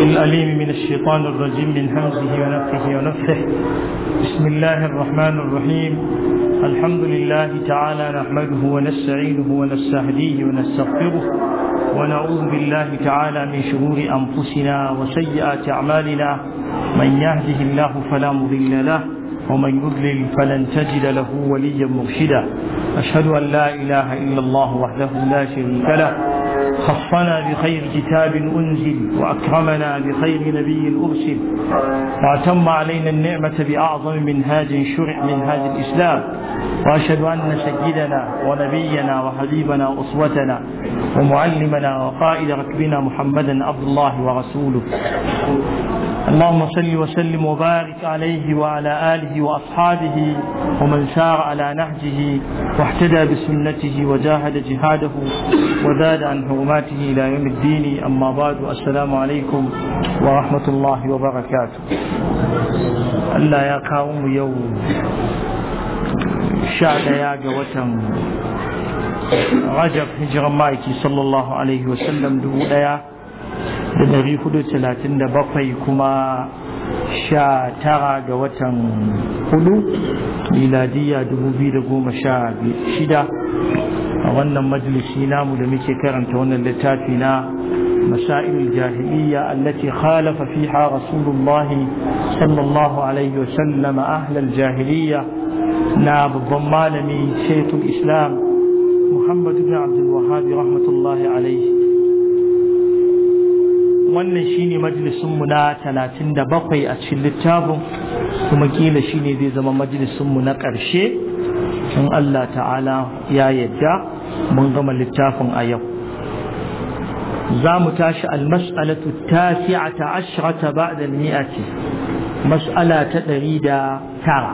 الأليم من الشيطان الرجيم من همزه ونفخه ونفخه بسم الله الرحمن الرحيم الحمد لله تعالى نحمده ونستعينه ونستهديه ونستغفره ونعوذ بالله تعالى من شرور أنفسنا وسيئات أعمالنا من يهده الله فلا مضل له ومن يضلل فلن تجد له وليا مرشدا أشهد أن لا إله إلا الله وحده لا شريك له خصنا بخير كتاب أنزل وأكرمنا بخير نبي أرسل وأتم علينا النعمة بأعظم منهاج شرع منهاج الإسلام وأشهد أن سيدنا ونبينا وحبيبنا وأسوتنا ومعلمنا وقائد ركبنا محمدا عبد الله ورسوله اللهم صل وسلم وبارك عليه وعلى آله وأصحابه ومن سار على نهجه واحتدى بسنته وجاهد جهاده وزاد عن حرمته وبركاته إلى يوم الدين أما بعد السلام عليكم ورحمة الله وبركاته الله يا قوم يوم شاد يا جوتم رجب هجر مايكي صلى الله عليه وسلم دو ديا دمري خدو تلاتين دبقي كما sha tara ga watan hudu miladiyya dubu biyu da goma sha shida a wannan majalisi namu da muke karanta wannan littafi na masailul jahiliya allati khalafa fiha rasulullah sallallahu alaihi wa sallam ahlal jahiliya na babban malami shaytul islam muhammad ibn abd al-wahhab rahmatullah alaihi wannan shine majalisin mu na bakwai a cikin littafin kuma kila shine zai zama majalisin mu na ƙarshe. in Allah ta'ala ya yadda mun gama littafin a yau za mu tashi almas'alatu tasi'ata ashrata ba'da al-mi'ati mas'ala ta ɗari da tara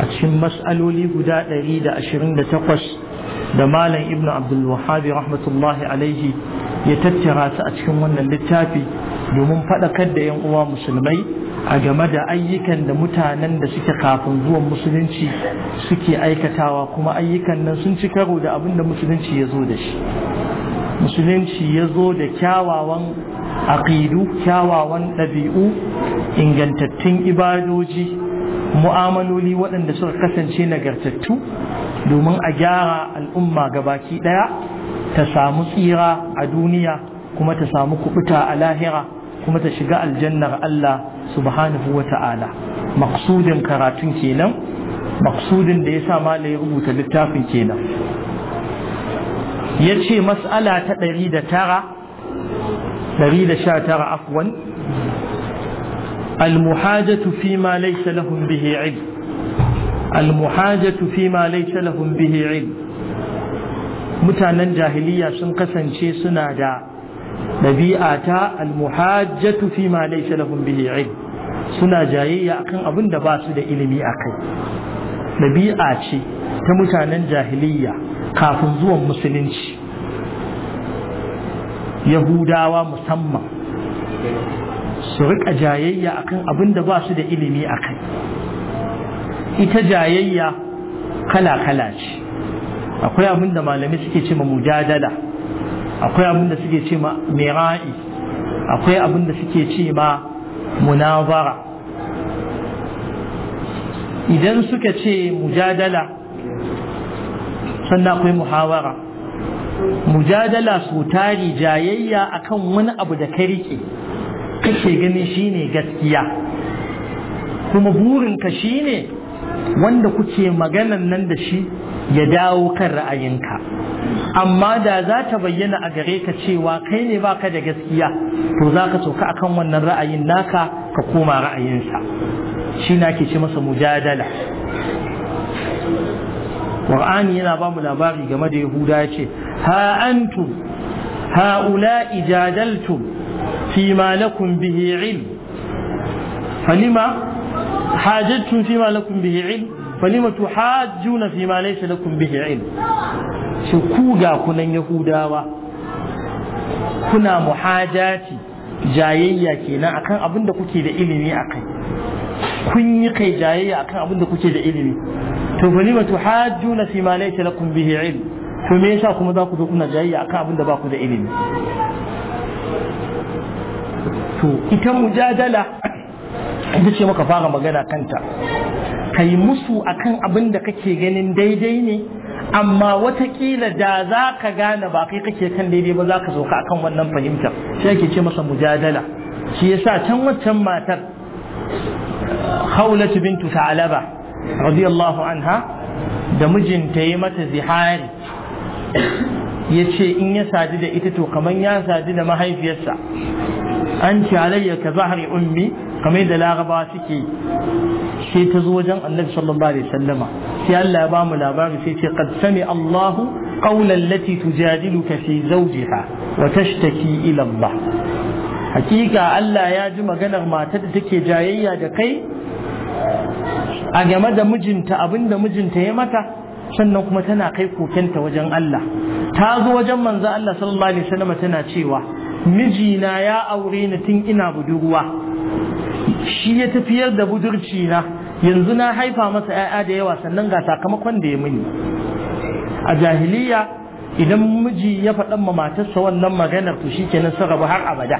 a cikin mas'aloli guda ɗari da ashirin da takwas da malam ibn abdul wahabi rahmatullahi alaihi ya tattara su a cikin wannan littafi domin faɗakar da 'yan uwa musulmai a game da ayyukan da mutanen da suke kafin zuwan musulunci suke aikatawa kuma ayyukan nan sun ci karo da abin da musulunci ya zo da shi musulunci ya zo da kyawawan aƙidu kyawawan ɗabi'u ingantattun ibadoji mu'amaloli waɗanda suka kasance nagartattu domin a gyara al'umma ga baki ɗaya ta samu tsira a duniya kuma ta samu kuɓuta a lahira kuma ta shiga aljannar Allah subhanahu wa ta'ala maksudin karatun kenan maksudin da ya sa mala ya rubuta littafin kenan ya ce mas'ala ta 119 afwan المحاجة فيما ليس لهم به علم المحاجة فيما ليس لهم به علم mutanen jahiliya sun kasance suna da ɗabi'a ta almuhajjatu fi ma laysa lahum bihi ilm suna jayayya akan abin da ba su da ilimi akai ɗabi'a ce ta mutanen jahiliya kafin zuwan musulunci yahudawa musamman su rika jayayya akan abin da ba su da ilimi akai ita jayayya kala-kala ce akwai abin da malami suke ce ma mujadala akwai abin da suke ce ma akwai abin da suke ce ma munazara idan suka ce mujadala sannan akwai muhawara mujadala su tari jayayya akan wani abu da ka rike kake ganin shine gaskiya kuma burinka shine wanda kuke magana nan da shi ya dawo kan ra'ayinka amma da za ta bayyana a gare ka cewa kai ne baka da gaskiya to za ka a kan wannan ra'ayin naka ka koma ra'ayinsa shi na ke ce masa mujadala Qur'ani yana ba mu labari game da Yahuda ya ce ha'antu, ha'ula ijadaltum fi ma lakum bihi ilm fi ma lakum falima tuhajjuna fi ma laysa lakum bihi ilm shi ku ga kunan yahudawa kuna muhajati jayayya kenan akan abin da kuke da ilimi akai kun yi kai jayayya akan abin da kuke da ilimi to falima tuhajjuna fi ma laysa lakum bihi ilm to me yasa kuma za ku zo kuna jayayya akan abin da ba ku da ilimi to ita mujadala ita ce muka fara magana kanta ka yi musu akan abin da kake ganin daidai ne amma watakila da za ka gane ba kai kake kan daidai ba za ka zo ka akan wannan fahimtar sai ake ce masa mujadala shi yasa can waccan matar haulatu bintu sa'alaba radiyallahu anha da mijinta yi mata zihari ya ce in ya sadu da ita to kamar ya sadu da mahaifiyarsa an ce alayya ka zahari ummi kamar da laraba suke sai ta zo wajen annabi sallallahu alaihi sallama. sai Allah ya ba mu labari sai ce qad sami Allahu qawlan lati tujadiluka fi zawjiha wa tashtaki ila Allah hakika Allah ya ji maganar matar da take jayayya da kai a game da mijinta abinda mijinta ya mata sannan kuma tana kai kokenta wajen Allah ta zo wajen manzo Allah sallallahu alaihi wasallam tana cewa mijina ya aure ni tun ina budurwa shi ya tafiyar da budurci na yanzu na haifa masa 'ya'ya da yawa sannan ga sakamakon da ya muni a jahiliya idan miji ya faɗan ma matarsa wannan maganar to shikenan sun rabu har abada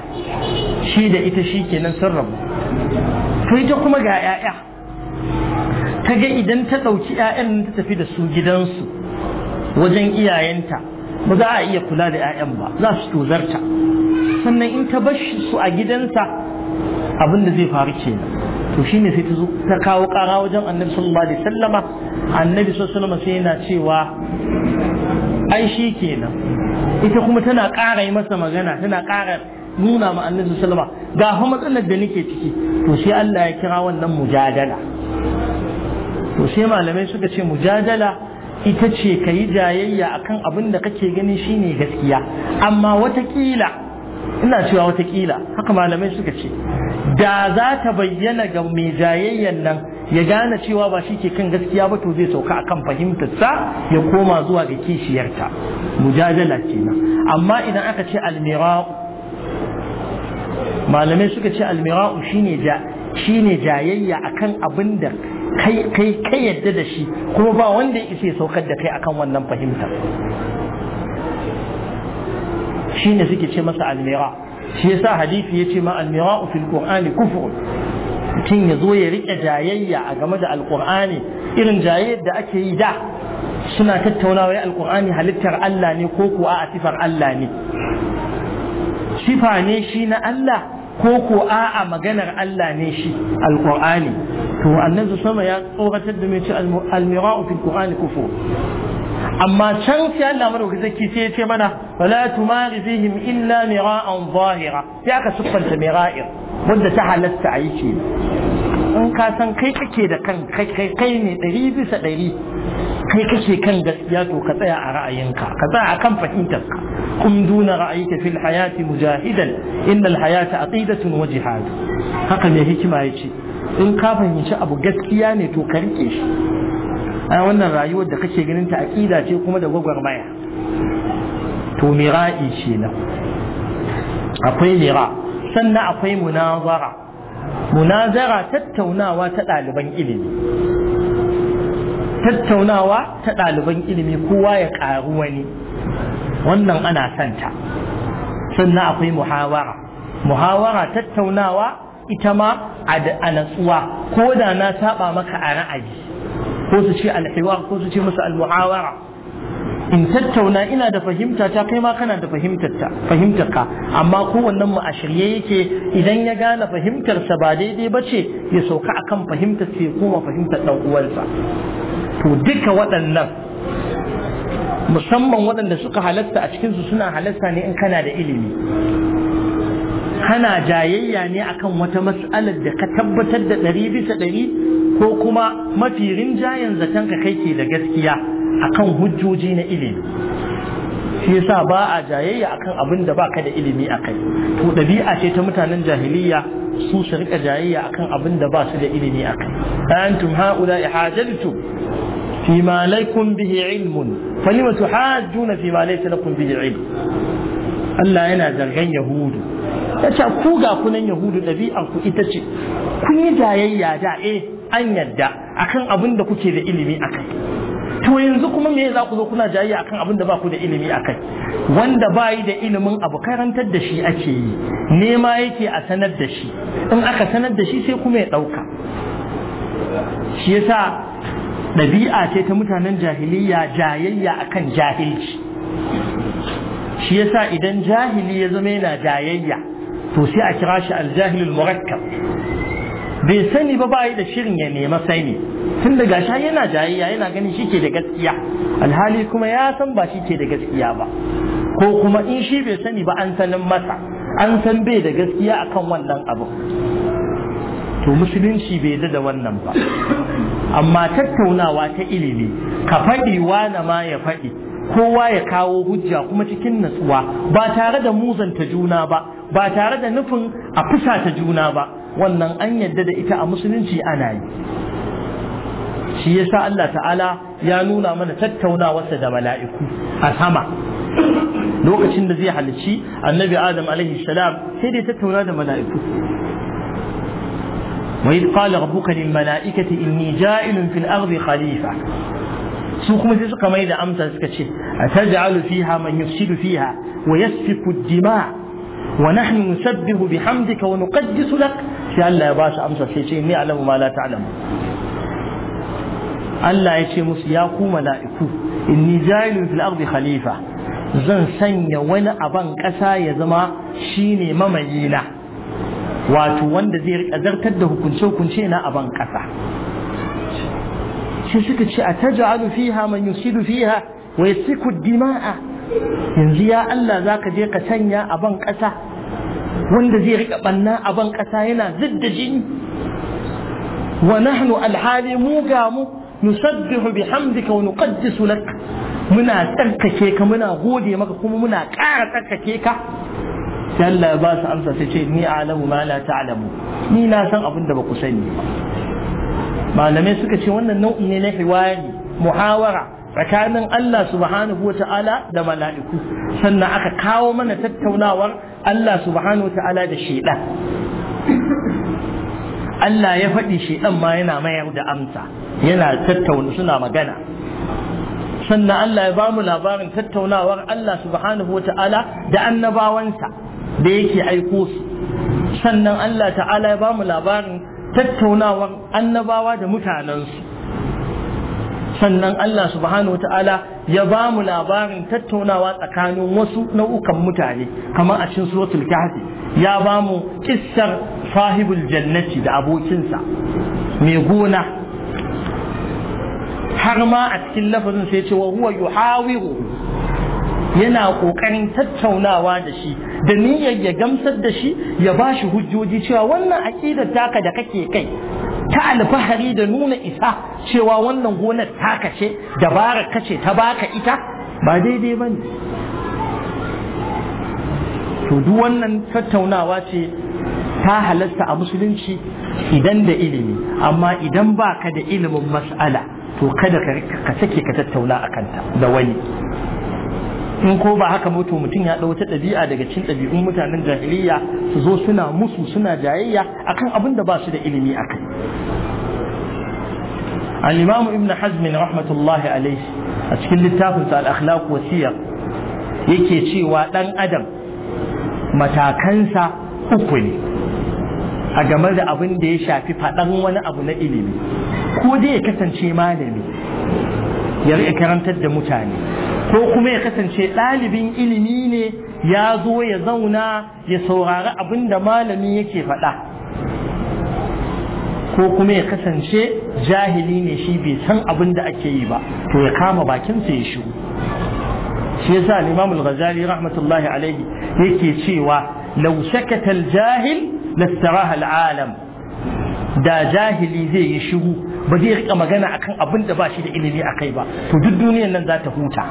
shi da ita shikenan sun rabu to ita kuma ga 'ya'ya Ta ga idan ta ɗauki 'ya'yan ta tafi da su gidansu wajen iyayenta ba za a iya kula da 'ya'yan ba za su tozarta sannan in ta bar su a gidansa abin da zai faru kenan to shine sai ta zo ta kawo ƙara wajen annabi sallallahu alaihi wasallama annabi sallallahu alaihi sai yana cewa ai shi kenan ita kuma tana ƙara yi masa magana tana ƙara nuna ma annabi sallallahu alaihi wasallama ga matsalar da nake ciki to sai Allah ya kira wannan mujadala to sai malamai suka ce mujadala ita ce ka yi jayayya akan abin da kake gani shine gaskiya amma watakila ina cewa watakila haka malamai suka ce da za ta bayyana ga mai jayayyan nan ya gane cewa ba shi ke kan gaskiya ba to zai sauka akan fahimtarsa ya koma zuwa ga kishiyarta mujadala kenan amma idan aka ce almira'u malamai suka ce almira'u shine jayayya akan abin da kai kai kai yadda da shi kuma ba wanda ya saukar da kai akan wannan fahimta ne suke ce masa almira shi yasa hadisi ce ma almira fil qur'ani kufr mutum ya zo ya rike jayayya a game da alqur'ani irin jayayyar da ake yi da suna tattaunawa ya alqur'ani halittar Allah ne ko kuwa a sifar Allah ne sifa ne shi na Allah ko ko a'a maganar Allah ne shi alqur'ani to annabi sama ya tsoratar da mai ce almira'u fil qur'ani amma can sai Allah madauki zaki sai ya ce mana wala tumari fihim illa mira'an zahira sai aka siffanta mira'ir wanda ta halatta a yi in ka san kai kake da kan kai kai ne ɗari bisa ɗari kai kake kan gaskiya to ka tsaya a ra'ayinka ka tsaya a kan fahimtarka kun duna ra'ayika fil hayati mujahidan innal hayata aqidatun wa jihad haka ne hikima yace in ka fahimci abu gaskiya ne to ka rike shi a wannan rayuwar da kake ganin ta aqida ce kuma da gwagwarmaya to mira'i ce akwai mira sannan akwai munazara munazara tattaunawa ta ɗaliban ilimi tattaunawa ta ɗaliban ilimi kowa ya ƙaru wani wannan ana santa sannan akwai muhawara muhawara tattaunawa ita ma a natsuwa ko da na saba maka a ra'ayi ko su ce alhiwar ko su ce musu almuhawara in tattauna ina da fahimta ta kai ma kana da fahimtar fahimtar ka amma kowannen mu a shirye yake idan ya gane fahimtar sa ba daidai bace ya sauka akan fahimtar ya koma fahimtar dan uwansa to duka waɗannan musamman waɗanda suka halatta a cikin su suna halatta ne in kana da ilimi kana jayayya ne akan wata mas'alar da ka tabbatar da ɗari bisa ɗari ko kuma mafi rinjayen zaton ka kai ke da gaskiya akan hujjoji na ilimi shi yasa ba a jayayya akan abin da baka da ilimi akai to dabi'a ce ta mutanen jahiliya su su rika jayayya akan abin da ba su da ilimi akai antum haula ihajaltu fi ma laikum bihi ilmun falima tuhajjuna fi ma laysa lakum bihi ilm Allah yana zargan yahudu yace ku ga kunan yahudu dabi'an ku ita ce kun yi jayayya da eh an yadda akan abin da kuke da ilimi akai to yanzu kuma me za ku zo kuna jayayya akan abin da ba ku da ilimi akai wanda ba yi da ilimin abu karantar da shi ake yi nema yake a sanar da shi in aka sanar da shi sai kuma ya ɗauka shi yasa ɗabi'a ce ta mutanen jahiliya jayayya akan jahilci shi yasa idan jahili ya zama yana jayayya to sai a kira shi aljahilul murakkab bai sani ba bai da shirin ya nema sani tun da gashi yana jayayya yana ganin shi ke da gaskiya alhali kuma ya san ba shi ke da gaskiya ba ko kuma in shi bai sani ba an sanin masa an san bai da gaskiya akan wannan abu to musulunci bai da wannan ba amma tattaunawa ta ilimi ka faɗi na ma ya faɗi kowa ya kawo hujja kuma cikin natsuwa ba tare da muzanta juna ba ba tare da nufin a fusata juna ba wannan an yadda da ita a musulunci ana yi shi yasa Allah ta'ala ya nuna mana tattaunawarsa da mala'iku a sama lokacin da zai halici annabi adam alaihi salam sai dai tattauna da mala'iku wa idh qala rabbuka lil mala'ikati inni ja'ilun fil ardi khalifa su kuma sai suka mai da amsa suka ce ataj'alu fiha man yufsidu fiha wa yasfiku ad dima wa nahnu nusabbihu bihamdika wa nuqaddisu lak sai Allah ya ba su amsa sai ce ni alamu ma la ta'lamu Allah ya ce musu ya ku mala'iku inni ja'ilun fil ardi khalifa zan sanya wani aban ƙasa ya zama shine na. wato wanda zai rika zartar da hukunce hukunce na aban ƙasa sai suka ce a taj'alu fiha man yusidu fiha wa yasfiku dima'a yanzu ya Allah zaka je ka sanya aban ƙasa wanda zai rika ɓanna a ban ƙasa yana zidda jini wa nahnu alhali mu ga mu nusabbihu bihamdika wa nuqaddisu lak muna tsarkake ka muna gode maka kuma muna ƙara tsarkake ka sai Allah ya ba su amsa sai ce ni alamu ma la ta'lamu ni na san abin da baku sani malamai suka ce wannan nau'in ne na hiwari muhawara tsakanin Allah subhanahu wa ta'ala da mala'iku sannan aka kawo mana tattaunawar Allah subhanahu wa ta'ala da shaidan Allah ya faɗi shaiɗan ma yana mayar da amsa yana tattauna suna magana sannan Allah ya bamu labarin tattaunawar Allah subhanahu wa ta'ala da annabawansa da yake aiko su sannan Allah ta'ala ya bamu labarin tattaunawar annabawa da mutanensu sannan Allah subhanahu wata'ala ya ba mu labarin tattaunawa tsakanin wasu nau'ukan mutane kamar a cikin suratul kahfi ya ba mu kissar sahibul jannati da abokinsa mai gona har ma a cikin lafazin sai ce wa huwa yuhawiru yana kokarin tattaunawa da shi da niyyar ya gamsar da shi ya ba shi hujjoji cewa wannan aqidar taka da kake kai ta alfahari da nuna isa cewa wannan gonar ta ce dabara kace ta baka ita ba daidai ba ne to duk wannan tattaunawa ce ta halatta a musulunci idan da ilimi amma idan baka da ilimin mas'ala to kada ka sake ka tattauna a kanta da wani in ko ba haka mutu mutum ya ɗau ta ɗabi'a daga cikin ɗabi'un mutanen jahiliya su zo suna musu suna jayayya akan abin da ba su da ilimi a kai al-imamu ibn hazm rahmatullahi alaihi a cikin littafin sa al-akhlaq wa siyar yake cewa dan adam matakansa uku ne a game da abin da ya shafi faɗan wani abu na ilimi ko dai ya kasance malami ya karantar da mutane ko kuma ya kasance ɗalibin ilimi ne ya zo ya zauna ya saurari abin da malami yake faɗa ko kuma ya kasance jahili ne shi bai san abin da ake yi ba to ya kama bakinsa ya shigo shi yasa al ghazali rahmatullahi alaihi yake cewa law sakata al-jahil lastaraha al-alam da jahili zai yi shiru ba zai rika magana akan abin da ba shi da ilimi a kai ba to duk duniyar nan za ta huta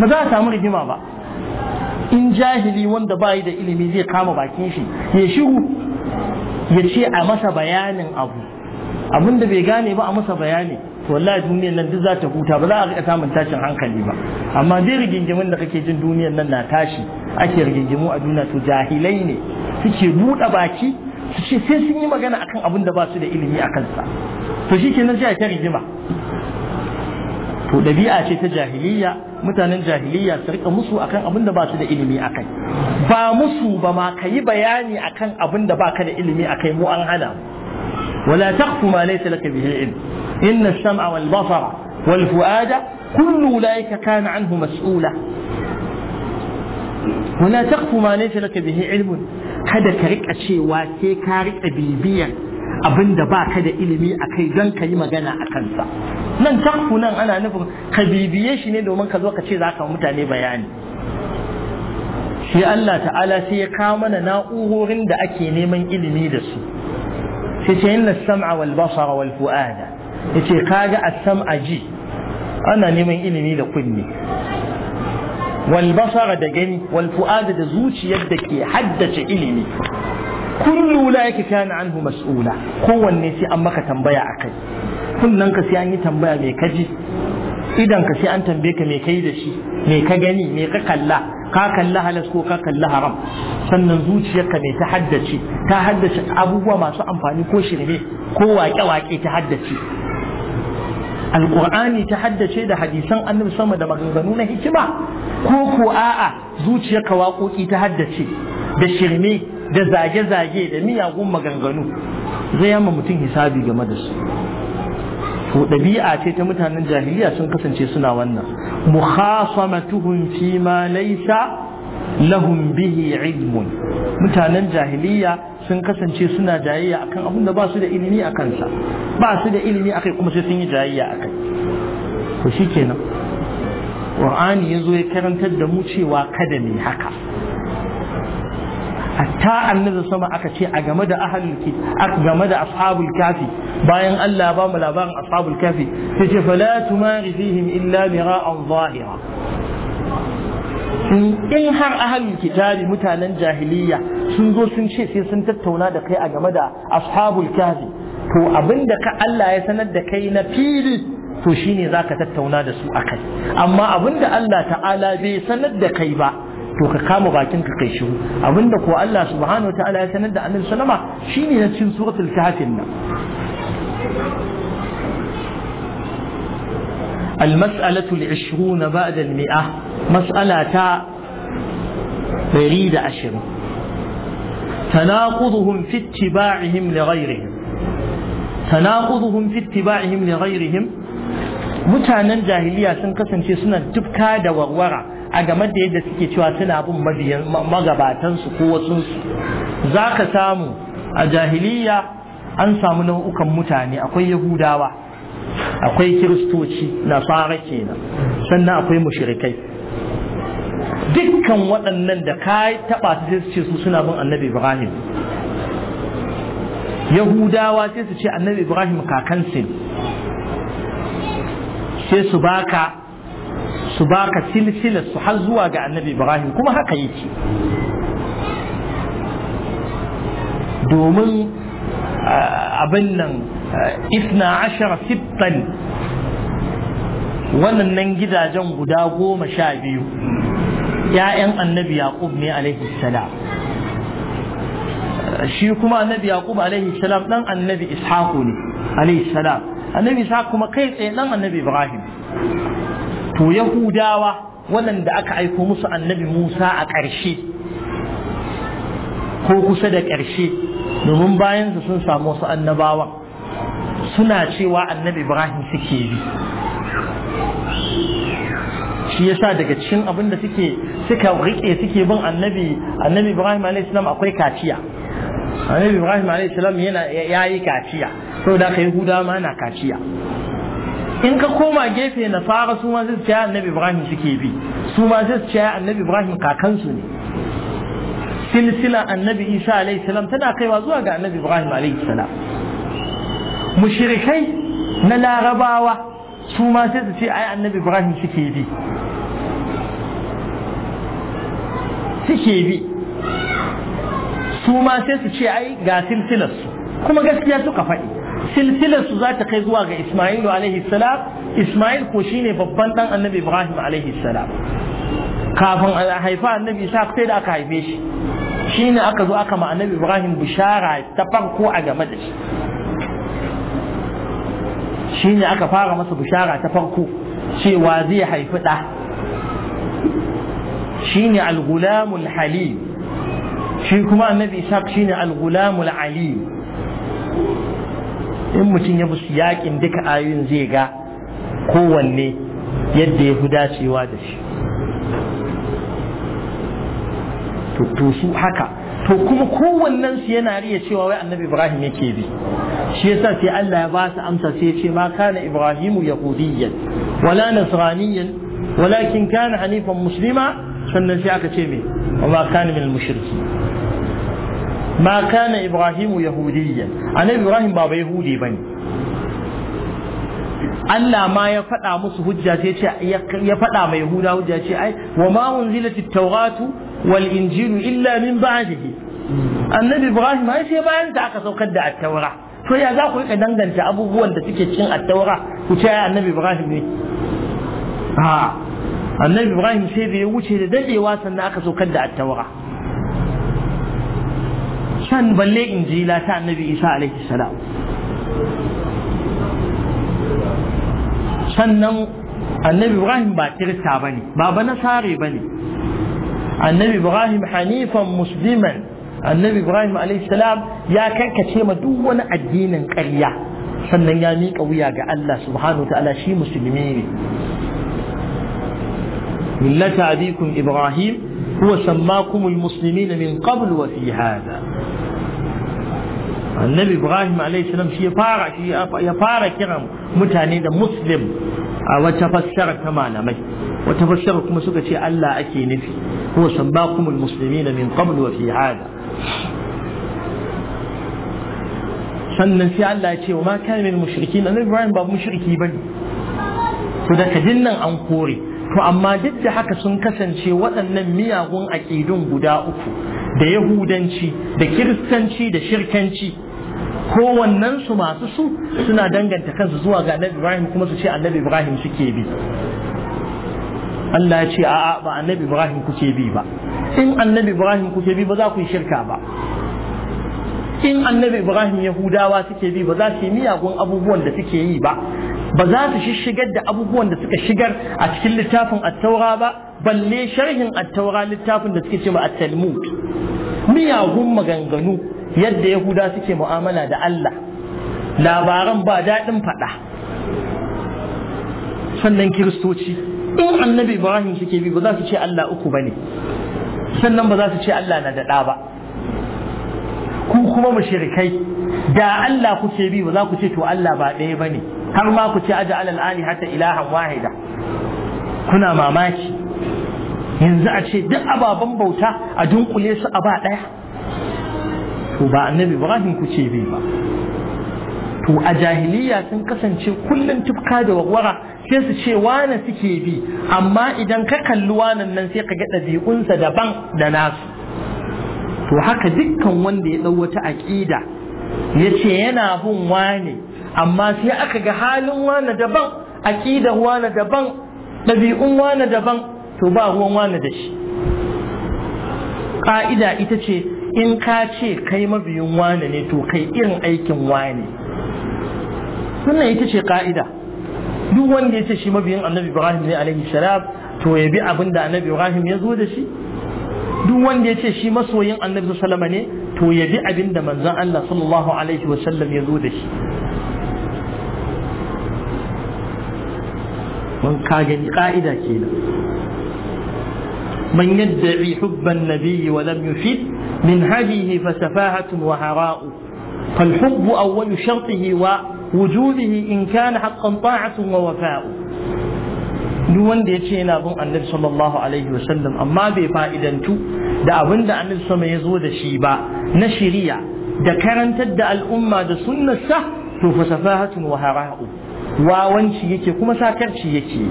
ba za a samu rigima ba in jahili wanda ba da ilimi zai kama bakin shi ya shiru ya ce a masa bayanin abu abin da bai gane ba a masa bayani To wallahi duniyar nan duk za ta huta ba za a rika samun tashin hankali ba amma dai rigingimin da kake jin duniyar nan na tashi ake rigingimu a duniya to jahilai ne suke buɗe baki su ce sai sun yi magana akan abin da ba su da ilimi a kansa to shi kenan sai a ta rigima to dabi'a ce ta jahiliya mutanen jahiliya su rika musu akan abin da ba su da ilimi akai ba musu ba ma ka bayani akan abin da ba ka da ilimi akai mu an hana wala taqfu ma laysa laka bihi ilm inna as-sam'a wal basara wal fu'ada kullu ulaika kana anhu mas'ula wala taqfu ma laysa laka bihi ilm kada ka rika cewa sai ka rika bibiyan abin da ba ka da ilimi a kai don ka yi magana a kansa nan tarku nan ana nufin ka bibiye shi ne domin ka zo ka ce za ka mutane bayani shi Allah ta'ala sai ya kawo mana na'urorin da ake neman ilimi da su sai ce inna sam'a wal basara wal fu'ada yace kaga as-sam'a ji ana neman ilimi da kunne wal basara da gani wal fu'ada da zuciyar da ke haddace ilimi kullu ulaika kana anhu ula. kowanne sai an maka tambaya akai kunnan ka sai an yi tambaya mai kaji idan ka sai an tambaye ka mai yi da shi mai ka gani mai ka kalla ka kalla halas ko ka kalla haram sannan zuciyarka mai ta haddace ta haddace abubuwa masu amfani ko shirme ko waƙe-waƙe ta haddace alƙur'ani ta haddace da hadisan annabi sama da maganganu na hikima ko ko a'a zuciyarka waƙoƙi ta haddace da shirme da zage-zage da miyagun maganganu zai yamma mutum hisabi game da su to ɗabi'a ce ta mutanen jahiliya sun kasance suna wannan mukhasamatuhum fi ma laysa lahum bihi ilmun mutanen jahiliya sun kasance suna jayayya akan abin da ba su da ilimi a kansa ba su da ilimi akai kuma sai sun yi jayayya akai to shikenan qur'ani yazo ya karantar da mu cewa kada ne haka hatta annabi sama aka ce a game da ahlul game da ashabul kafi bayan Allah ba mu labarin ashabul kafi sai ce fala tumari fihim illa mira'an zahira in har ahlul kitabi mutanen jahiliya sun zo sun ce sai sun tattauna da kai a game da ashabul kafi to abinda ka Allah ya sanar da kai na fili to shine zaka tattauna da su akai amma abinda Allah ta'ala bai sanar da kai ba to ka kama bakin ka kai shiru abinda ko Allah subhanahu wataala ya sanar da annabi sallama shine na cikin suratul kahfin nan المسألة العشرون بعد المئة مسألة بريد عشر تناقضهم في اتباعهم لغيرهم تناقضهم في اتباعهم لغيرهم mutanen jahiliya sun kasance suna tufka da warwara a game da yadda suke cewa suna bin mabiyan magabatansu ko wasu za ka samu a jahiliya an samu nau'ukan mutane akwai yahudawa akwai kiristoci nasara kenan sannan akwai mushrikai dukkan waɗannan da ka taɓa su sai su ce su suna bin annabi ibrahim yahudawa sai su ce annabi ibrahim kakansu sai su baka su baka silsilar su har zuwa ga annabi ibrahim kuma haka yake domin ah, abin nan ah, isna ashara sittan wannan gidajen guda goma sha biyu ‘ya'yan annabi yaqub ne alaihi salam ah, shi kuma annabi yaqub alaihi salam ɗan annabi ishaku ne alaihi salam annabi ishaq kuma kai tsaye ɗan annabi ibrahim to yahudawa da aka aiko musu annabi musa a ƙarshe ko kusa da ƙarshe domin bayansu sun samu wasu annabawa suna cewa annabi ibrahim suke bi shi yasa daga cikin abin da suke suka rike suke bin annabi annabi ibrahim alayhi akwai kaciya annabi ibrahim alayhi salam yana yayi kaciya saboda kai huda ma na kaciya in ka koma gefe na fara su ma zai ce annabi ibrahim suke bi su ma zai ce annabi ibrahim kakansu ne silsila annabi isa alaihi salam tana kaiwa zuwa ga annabi ibrahim alaihi salam mushrikai na larabawa su ma sai su ce ai annabi ibrahim suke bi suke bi su ma sai su ce ai ga su kuma gaskiya suka faɗi silsilar su za ta kai zuwa ga Isma'ilu alaihi salam Isma'il ko shine babban dan Annabi Ibrahim alaihi salam kafin a haifa Annabi Isa sai da aka haife shi shine aka zo aka ma Annabi Ibrahim bishara ta farko a game da shi shine aka fara masa bishara ta farko cewa zai haifi da shine al-gulamul halim shi kuma Annabi Isa shine al-gulamul alim in mutum ya bi yakin duka ayoyin zai ga kowanne yadda ya fi dacewa da shi to su haka to kuma kowannen su yana riya cewa wai annabi ibrahim yake bi shi yasa sai Allah ya ba su amsa sai ya ce ma kana ibrahimu yahudiyyan wala nasraniyyan walakin kana hanifan muslima sannan sai aka ce me wa ma kana min mushriki ma kana ibrahimu yahudiyya annabi ibrahim ba bai yahudi bane Allah ma ya faɗa musu hujja sai ce ya faɗa mai Yahuda hujja ce ai wa ma unzilat at-tauratu wal injilu illa min ba'dihi annabi Ibrahim ai sai bayan ta aka saukar da at-taura to ya za ku rika danganta abubuwan da suke cikin at-taura ku ce ai annabi Ibrahim ne a annabi Ibrahim sai da ya wuce da dadewa sannan aka saukar da at-taura San balle in injila ta annabi isa alaihi salam sannan annabi ibrahim ba kirista ba ne ba ba nasare ba ne annabi ibrahim hanifan musliman annabi ibrahim alaihi salam ya karkace ma duk wani addinin ƙarya sannan ya miƙa wuya ga allah subhanahu wa ta'ala shi musulmi ne millata abikum ibrahim huwa sammakumul muslimina min qabl wa fi hada annabi ibrahim alaihissalam shi ya fara shi ya fara kiran mutane da muslim a wata fassara ta malamai wata fassara kuma suka ce Allah ake nufi huwa sabbakumul muslimina min qabl wa fi hada sannan sai Allah ya ce wa ma kana min mushrikin annabi ibrahim ba mushriki bane to da kadin nan an kore to amma duk da haka sun kasance waɗannan miyagun aƙidun guda uku da yahudanci da kiristanci da shirkanci kowannen su masu su suna danganta kansu zuwa ga annabi ibrahim kuma su ce annabi ibrahim suke bi Allah ya ce a'a ba annabi ibrahim kuke bi ba in annabi ibrahim kuke bi ba za ku yi shirka ba in annabi ibrahim yahudawa suke bi ba za su yi miyagun abubuwan da suke yi ba ba za su shigar da abubuwan da suka shigar a cikin littafin attaura ba balle sharhin attaura littafin da suke ce ma at-talmud miyagun maganganu yadda yahuda suke mu'amala da Allah labaran ba daɗin faɗa sannan kiristoci in annabi ibrahim suke bi ba za su ce Allah uku ba ne sannan ba za su ce Allah na daɗa ba ku kuma mashirikai, da Allah kuke bi ba za ku ce to Allah ba ɗaya ba ne har ma ku ce aja alal ali ilahan wahida kuna mamaki yanzu a ce duk ababen bauta a dunkule su a ba ɗaya to ba annabi ibrahim kuce bai ba to a jahiliya sun kasance kullum tufka da warwara sai su ce wane suke bi amma idan ka kalli wanan nan sai ka ga ɗabi'unsa daban da nasu to haka dukkan wanda ya ɗau wata aƙida ya ce yana bin wane amma sai aka ga halin wane daban aƙidar wane daban ɗabi'un wane daban to ba ruwan wane da shi ƙa'ida ita ce in ka ce kai mabiyin wane ne to kai irin aikin wane wannan ita ce ka'ida duk wanda ya ce shi mabiyin annabi ibrahim ne alaihi salam to ya bi abin da annabi ibrahim ya zo da shi duk wanda ya ce shi masoyin annabi sallama ne to ya bi abin da manzon Allah sallallahu alaihi wa sallam ya zo da shi mun ka gani ka'ida kenan man yadda'i hubban nabiyyi wa lam yufid من هجه فسفاهة وهراء فالحب أول شرطه ووجوده إن كان حقا طاعة ووفاء دون دي تشينا بون النبي صلى الله عليه وسلم أما بي فائدا تو دا أبن دا النبي صلى الله عليه وسلم شيبا دا كان تد الأمة دا سنة سه فسفاهة وهراء ووانشيكي كما ساكرشيكي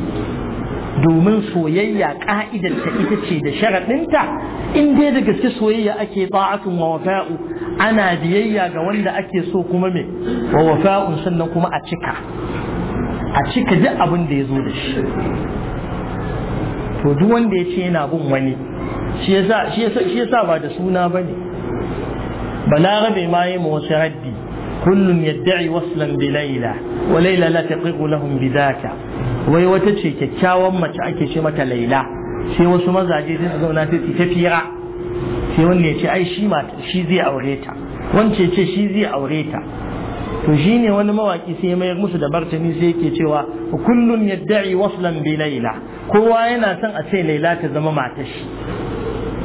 domin soyayya ka'idar ta ita ce da sharaɗinta in dai da gaske soyayya ake ta'atun wa wafa'u ana biyayya ga wanda ake so kuma me wa wafa'u sannan kuma a cika a cika duk abin da ya zo da shi to duk wanda ya ce yana bin wani shi yasa ba da suna ba ne balarabe ma yi ma wasu raddi kullum yadda'i waslan bi laila wa laila la taqiqu lahum bidaka wai wata ce kyakkyawan mace ake ce mata laila sai wasu mazaje sai su zauna sai su ta fira sai wanda ya ce ai shi shi zai aure ta wance ce shi zai aure ta to ne wani mawaki sai ya mayar musu da martani sai yake cewa kullun yadda'i waslan bi laila kowa yana son a ce laila ta zama matar shi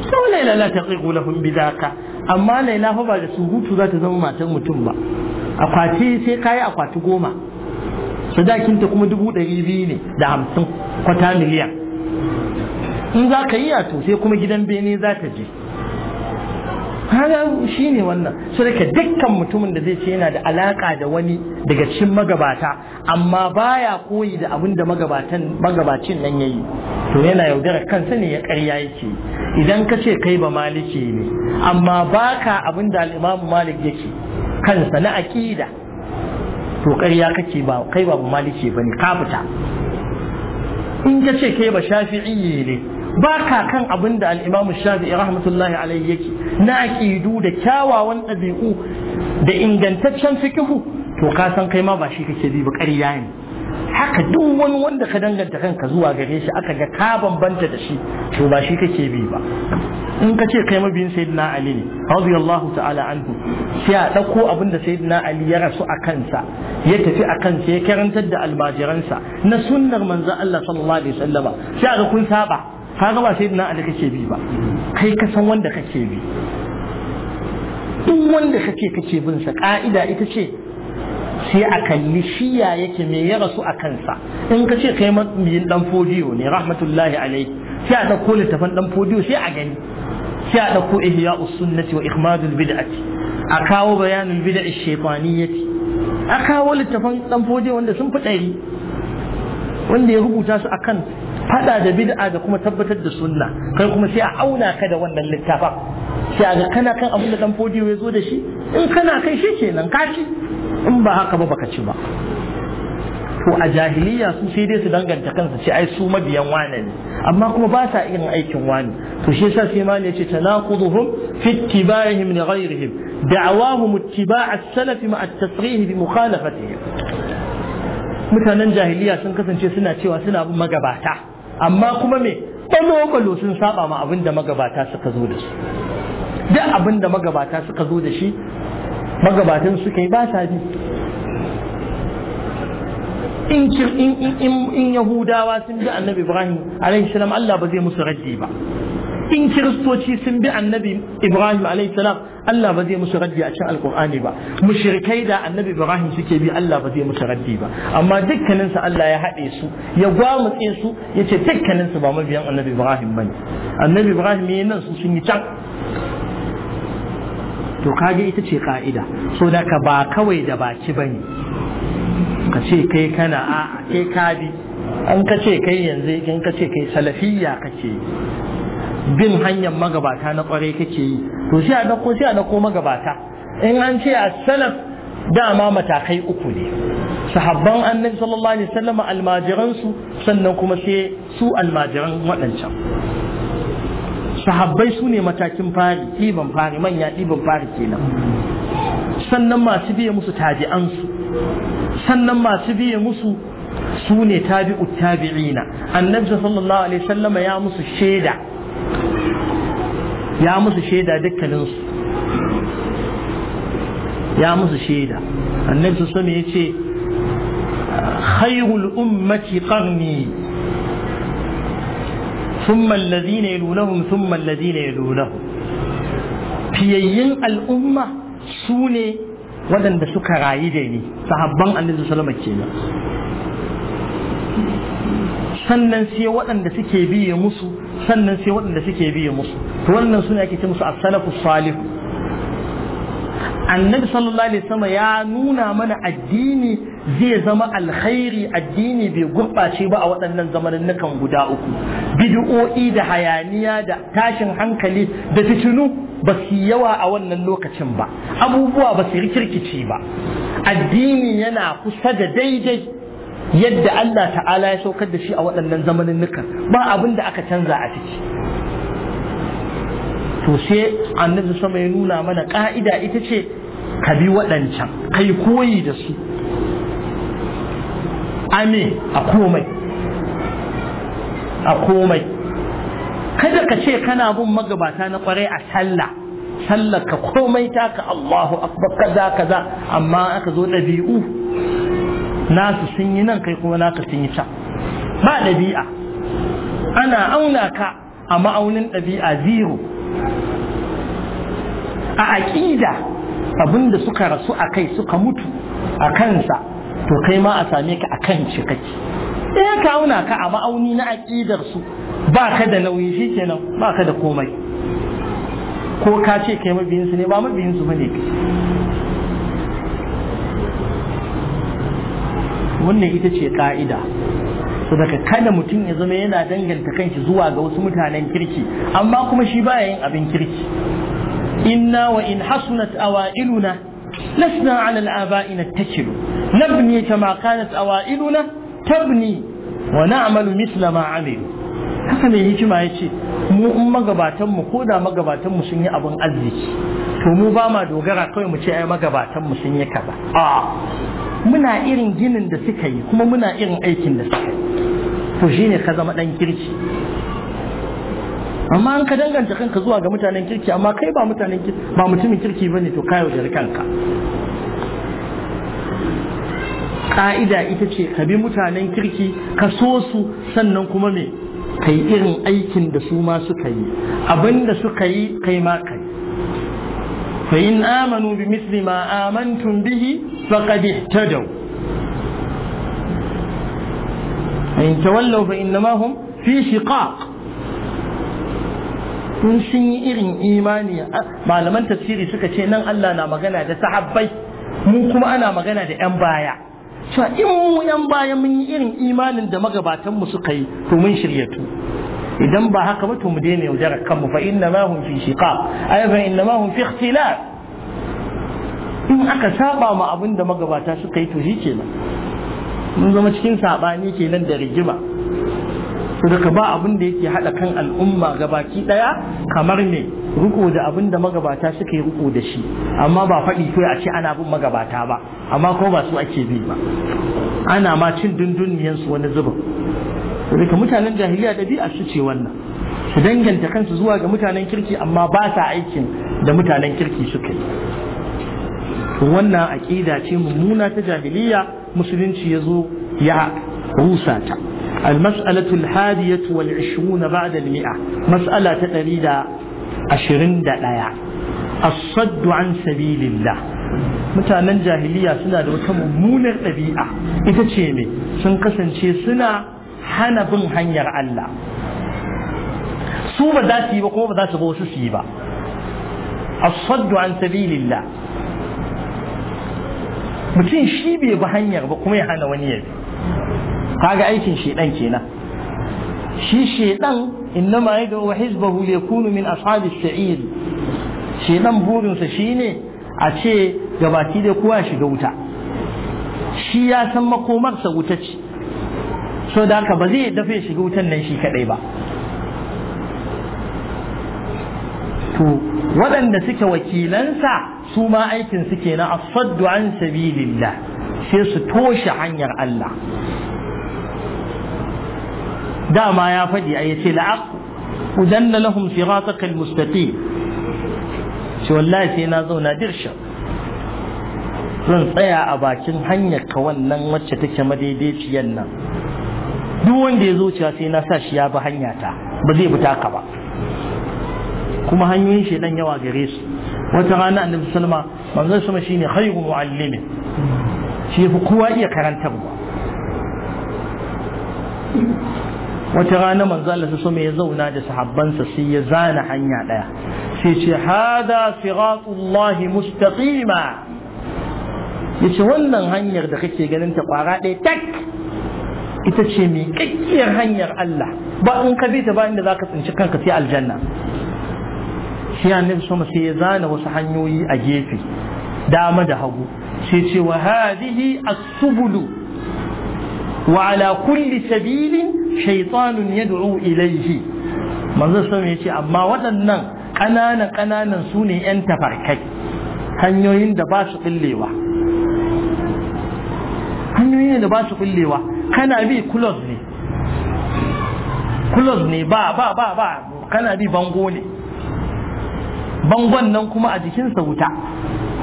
sau laila la taqiqu lahum bidaka amma laila fa ba da surutu za ta zama matar mutum ba akwati sai kai akwati goma sadakinta kuma dubu ɗari biyu ne da hamsin kwata miliyan in za ka yi a to sai kuma gidan bene za ta je haka shi ne wannan su da dukkan mutumin da zai ce yana da alaka da wani daga cikin magabata amma baya koyi da abin da magabacin nan ya yi to yana yaudara kansa ne ya karya yake idan ka ce kai ba maliki ne amma baka abin da al'imamu malik yake kansa na aƙida to ƙarya kake ba kai ba maliki ba ne ka fita in ka ce kai ba shafi'i ne ba ka kan abinda da al'imamu shafi'i rahmatullahi alaihi yake na aƙidu da kyawawan ɗabi'u da ingantaccen fikihu to ka san kai ma ba shi kake bi ba ƙarya ne haka duk wani wanda ka danganta kanka zuwa gare shi aka ga ka bambanta da shi to ba shi kake bi ba in ka ce kai mabiyin sayyidina ali ne radiyallahu ta'ala anhu sai a ɗauko abin da sayyidina ali ya rasu a kansa ya tafi a kansa ya karantar da almajiransa na sunnar manzo Allah sallallahu alaihi wasallama sai ga kun saba ka ga ba sayyidina ali kake bi ba kai ka san wanda kake bi duk wanda kake kake bin sa ka'ida ita ce sai a kalli shiya yake me ya rasu a kansa in ka ce kai mabiyin dan fodiyo ne rahmatullahi alaihi sai a ɗauko littafin ɗan fodiyo sai a gani sai a ɗauko ihya'us usunnati wa ikhmadul bid'ati a kawo bayanul bid'a shaytaniyati a kawo dan foje wanda sun fi wanda ya rubuta su akan fada da bid'a da kuma tabbatar da sunna kai kuma sai a auna ka da wannan littafa sai a ga kana kan abin da dan foje ya zo da shi in kana kai shi kenan kaci in ba haka ba baka ci ba to a jahiliya su sai dai su danganta kansu ce ai su mabiyan wane ne amma kuma ba sa irin aikin wani to shi yasa sai mali yace tanaquduhum fi ittiba'ihim li ghayrihim da'awahum a as-salaf ma at-tasrih bi mukhalafatihim mutanen jahiliya sun kasance suna cewa suna bin magabata amma kuma me balo-balo sun saba ma abin da magabata suka zo da su duk abin da magabata suka zo da shi magabatan suka yi ba sa bi in in yahudawa sun bi annabi ibrahim alaihi salam Allah ba zai musu raddi ba in kiristoci sun bi annabi ibrahim alaihi salam Allah ba zai musu raddi a cikin alqur'ani ba mushrikai da annabi ibrahim suke bi Allah ba zai musu raddi ba amma dukkanin su Allah ya haɗe su ya gwamutse su ya ce dukkanin su ba mabiyan annabi ibrahim bane annabi ibrahim ne nan su sun yi can to kage ita ce ka'ida so da ka ba kawai da baki bane ka ce kai kana a kai kadi an ka ce kai yanzu in ka ce kai salafiyya kake bin hanyar magabata na kware kake yi to sai a dauko sai a dauko magabata in an ce a salaf dama matakai uku ne sahabban annabi sallallahu alaihi wasallam almajiran su sannan kuma sai su almajiran waɗancan sahabbai su ne matakin fari ɗiban fari manya ɗiban fari kenan sannan masu biye musu tabi'ansu sannan masu biye musu su ne tabi'u tabi'ina annabi sallallahu alaihi wasallama ya musu shaida ya musu shaida su ya musu shaida annabi sallallahu alaihi ya ce khairul ummati qarni thumma alladhina يلونهم thumma alladhina يلونهم fiyayyin al'umma su ne waɗanda suka rayu da ni sahabban annabi sallama kenan sannan sai waɗanda suke biye musu sannan sai waɗanda suke biye musu to wannan suna ake ce musu as-salafu salih annabi sallallahu alaihi wasallam ya nuna mana addini zai zama alkhairi addini bai gurɓace ba a waɗannan zamaninnukan guda uku bid'o'i da hayaniya da tashin hankali da fitinu ba su yawa a wannan lokacin ba abubuwa ba su rikirkice ba addini yana kusa da daidai yadda Allah ta'ala ya saukar da shi a waɗannan zamaninnukan ba abin da aka canza a ciki to sai annabi sama ya nuna mana ka'ida ita ce ka bi waɗancan kai koyi da su Amin a komai a komai kada ka ce kana bin magabata na kwarai a sallah sallar ka komai taka Allahu akbar kaza kaza amma aka zo ɗabi'u nasu sun yi nan kai kuma naka sun yi ta. ba ɗabi'a ana auna ka a ma'aunin ɗabi'a zero a aƙida abinda suka rasu a kai suka mutu a kansa to kai ma a same ka akan ce kake sai eh, ka auna ka a ma'auni na aƙidar su ba ka da nauyi shi kenan ba ka da komai ko ka ce kai su ne ba su ba ne wannan ita ce ka'ida daga kada mutum ya zama yana danganta kanshi zuwa ga wasu mutanen kirki amma kuma shi baya yin abin kirki inna wa in hasunat awailuna لسنا على الآباء نتكل نبني كما كانت أوائلنا تبني ونعمل مثل ما عملوا haka mai hikima ya ce mu in magabatanmu ko da magabatanmu sun yi abin arziki to mu ba ma dogara kawai mu ce ai magabatanmu sun yi kaza a muna irin ginin da suka yi kuma muna irin aikin da suka yi to shine ka zama dan kirki amma an ka danganta kanka zuwa ga mutanen kirki amma kai ba mutanen kirki? ba mutumin kirki bane to ka yaudari kanka ka'ida ita ce ka bi mutanen kirki ka so su sannan kuma me kai irin aikin da su ma suka yi abinda suka yi kai ma kai fa in amanu bi misli ma amantum bihi faqad ihtadaw in tawallaw fa innamahum fi shiqaq sun sun yi irin imani malaman tafsiri suka ce nan Allah na magana da sahabbai mu kuma ana magana da yan baya cewa in mu yan baya mun yi irin imanin da magabatan mu suka yi to mun tu. idan ba haka ba to mu daina yaudarar kanmu fa inna ma hum fi shiqaq ay fa inna ma hum fi ikhtilaf in aka saba ma abin da magabata suka yi to shi kenan mun zama cikin sabani kenan da rigima su daga ba abin da yake haɗa kan al'umma gabaki ɗaya kamar ne riko da abin da magabata suka yi riko da shi amma ba faɗi kawai a ce ana bin magabata ba amma ko ba su ake bi ba ana ma cin su wani zubin daga mutanen jahiliya ɗabi'a su ce wannan su danganta kansu zuwa ga mutanen kirki amma ba sa aikin da mutanen kirki suka yi wannan aƙida ce mummuna ta jahiliya musulunci ya zo ya rusa ta المسألة الحادية والعشرون بعد المئة مسألة تريد عشرين دقايا الصد عن سبيل الله mutanen jahiliya suna da wata mummunar ɗabi'a ita ce ne sun kasance suna hana bin hanyar Allah su ba za su yi ba kuma ba za su ba wasu su yi ba asaddu an sabilillah mutum shi bai bi hanyar ba kuma ya hana wani ya bi kaga aikin shedan kenan shi shedan innama yadu wa hizbahu yakunu min ashabi sa'id shedan burinsa shine a ce gabaki da kowa shiga wuta shi ya san makomarsa wuta ce so da haka ba zai dafe shiga wutan nan shi kadai ba to waɗanda suke wakilansa su ma aikin suke kenan asaddu an sabilillah sai su toshe hanyar Allah dama ya faɗi a yace la'aq udanna lahum sirataka almustaqim shi wallahi sai na zauna zan tsaya a bakin hanyar ka wannan wacce take madaidaiciyar nan duk wanda ya zuciya sai na sa shi ya bi hanya ta ba zai fita ka ba kuma hanyoyin shedan yawa gare su wata rana annabi sallama manzon sama shine khayru muallimin shi fi kowa iya karantarwa wata rana manzo Allah sai ya zauna da sahabbansa sai ya zana hanya daya sai ce hada siratullahi mustaqima yace wannan hanyar da kake ganin ta kwara ɗaya tak ita ce mai kakkiyar hanyar Allah ba in ka bi ta ba inda zaka tsinci kanka sai aljanna sai annabi sama sai ya zana wasu hanyoyi a gefe dama da hagu sai ce wa hadihi as-subulu وعلى كل سبيل شيطان يدعو إليه من ذا سمي يتي أما ودنا قنانا قنانا سوني أنت فركي hanyoyin da ba su ɓillewa hanyoyin da ba su ɓillewa kana bi kulos ne kulos ne ba ba ba ba kana bi bango ne bangon nan kuma a jikinsa wuta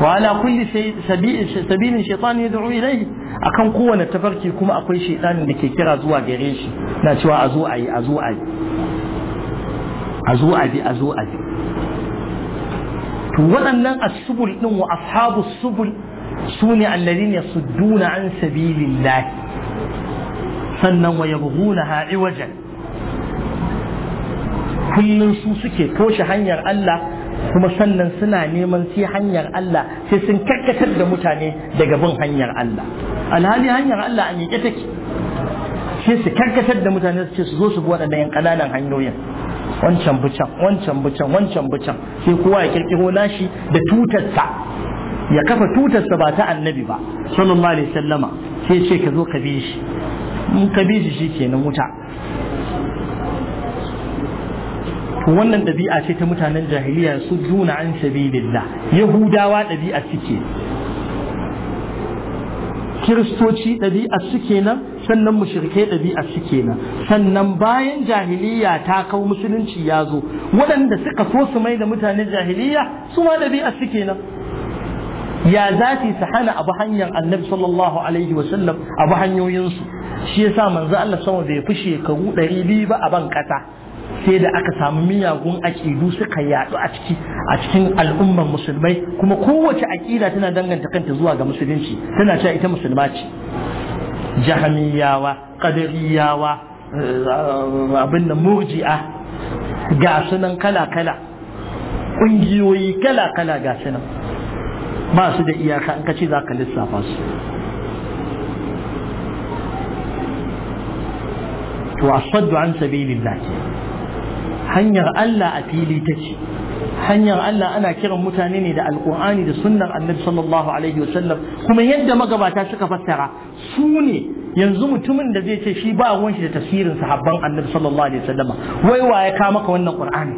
وعلى كل سبيل شيطان يدعو إليه akan kowane tafarki kuma akwai shaidanin da ke kira zuwa gare shi na a zo a a zo a yi a zo a bi a zo a bi to waɗannan asubul ɗin wa ashabu subul su ne alladhin yasudduna an sannan wa wajen kullum su suke toshe hanyar Allah kuma sannan suna neman sai hanyar Allah sai sun karkatar da mutane daga bin hanyar Allah alhali hanyar Allah a miƙe take sai su karkatar da mutane su ce su zo su bi waɗannan yan ƙananan hanyoyin wancan bucan wancan bucan wancan bucan sai kowa ya kirkiro nashi da tutarsa ya kafa tutarsa ba ta annabi ba sallallahu alaihi wasallama sai ce ka zo ka bi shi in ka bi shi shikenan wuta wannan ɗabi'a ce ta mutanen jahiliya su juna an sabilillah yahudawa ɗabi'a suke kiristoci ɗabi'a suke nan sannan mushrikai ɗabi'a suke nan sannan bayan jahiliya ta kau musulunci ya zo waɗanda suka so su mai da mutanen jahiliya su ma ɗabi'a suke nan ya za su hana abu hanyar annabi sallallahu alaihi wasallam abu hanyoyinsu shi yasa manzo Allah sama bai fi shekaru ɗari biyu ba a ban ƙasa sai da aka samu miyagun aƙidu suka yaɗu a ciki a cikin al'ummar musulmai kuma kowace aƙida tana danganta kanta zuwa ga musulunci tana cewa ita musulma ce jahamiyawa qadariyawa eh, abin da murji'a ga sunan kala-kala ƙungiyoyi kala-kala ga sunan ba su da iyaka in ka ce za ka lissafa su to asaddu an sabilillah hanyar Allah a fili ta ce hanyar Allah ana kiran mutane ne da alkur'ani da sunnar annabi sallallahu alaihi wasallam kuma yadda magabata suka fassara su ne yanzu mutumin da zai ce shi ba ruwan shi da tasirin sahabban annabi sallallahu alaihi wasallam wai wa ya kawo maka wannan qur'ani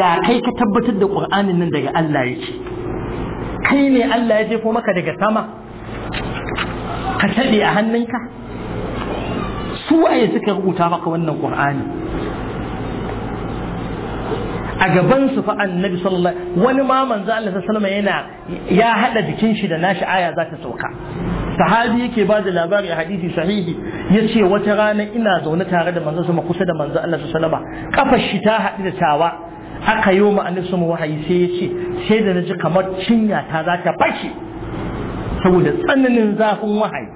ya kai ka tabbatar da qur'anin nan daga Allah yake kai ne Allah ya jefo maka daga sama ka taɗe a hannunka su waye suka rubuta maka wannan qur'ani a gaban su fa annabi sallallahu alaihi wani ma manzo Allah sallallahu alaihi yana ya hada jikin shi da nashi aya za ta sauka sahabi yake ba da labari a hadisi sahihi yace wata rana ina zaune tare da manzo sama kusa da manzo Allah sallallahu alaihi kafar shi ta hadu da tawa aka yi wa annabi wahayi sai yace sai da naji kamar cinya ta za ta fashe saboda tsananin zafin wahayi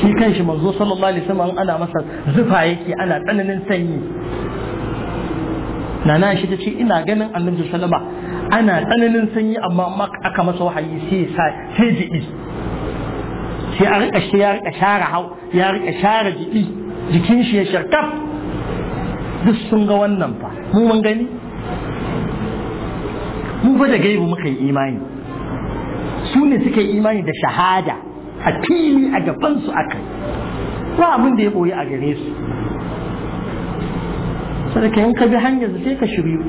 shi kan shi manzo sallallahu alaihi wasallam ana masa zufa yake ana tsananin sanyi nana shi ta ce ina ganin annabi sallama ana tsananin sanyi amma aka masa wahayi sai sai sai jibi sai a rika shi ya rika share hau ya rika share jiki jikin shi ya sharkaf duk sun ga wannan fa mu mun gani mu fa da gaibu muka yi imani su ne suka yi imani da shahada a fili a gabansu aka ba abin da ya boye a gare su sadaka in ka bi hanyar sai ka shiru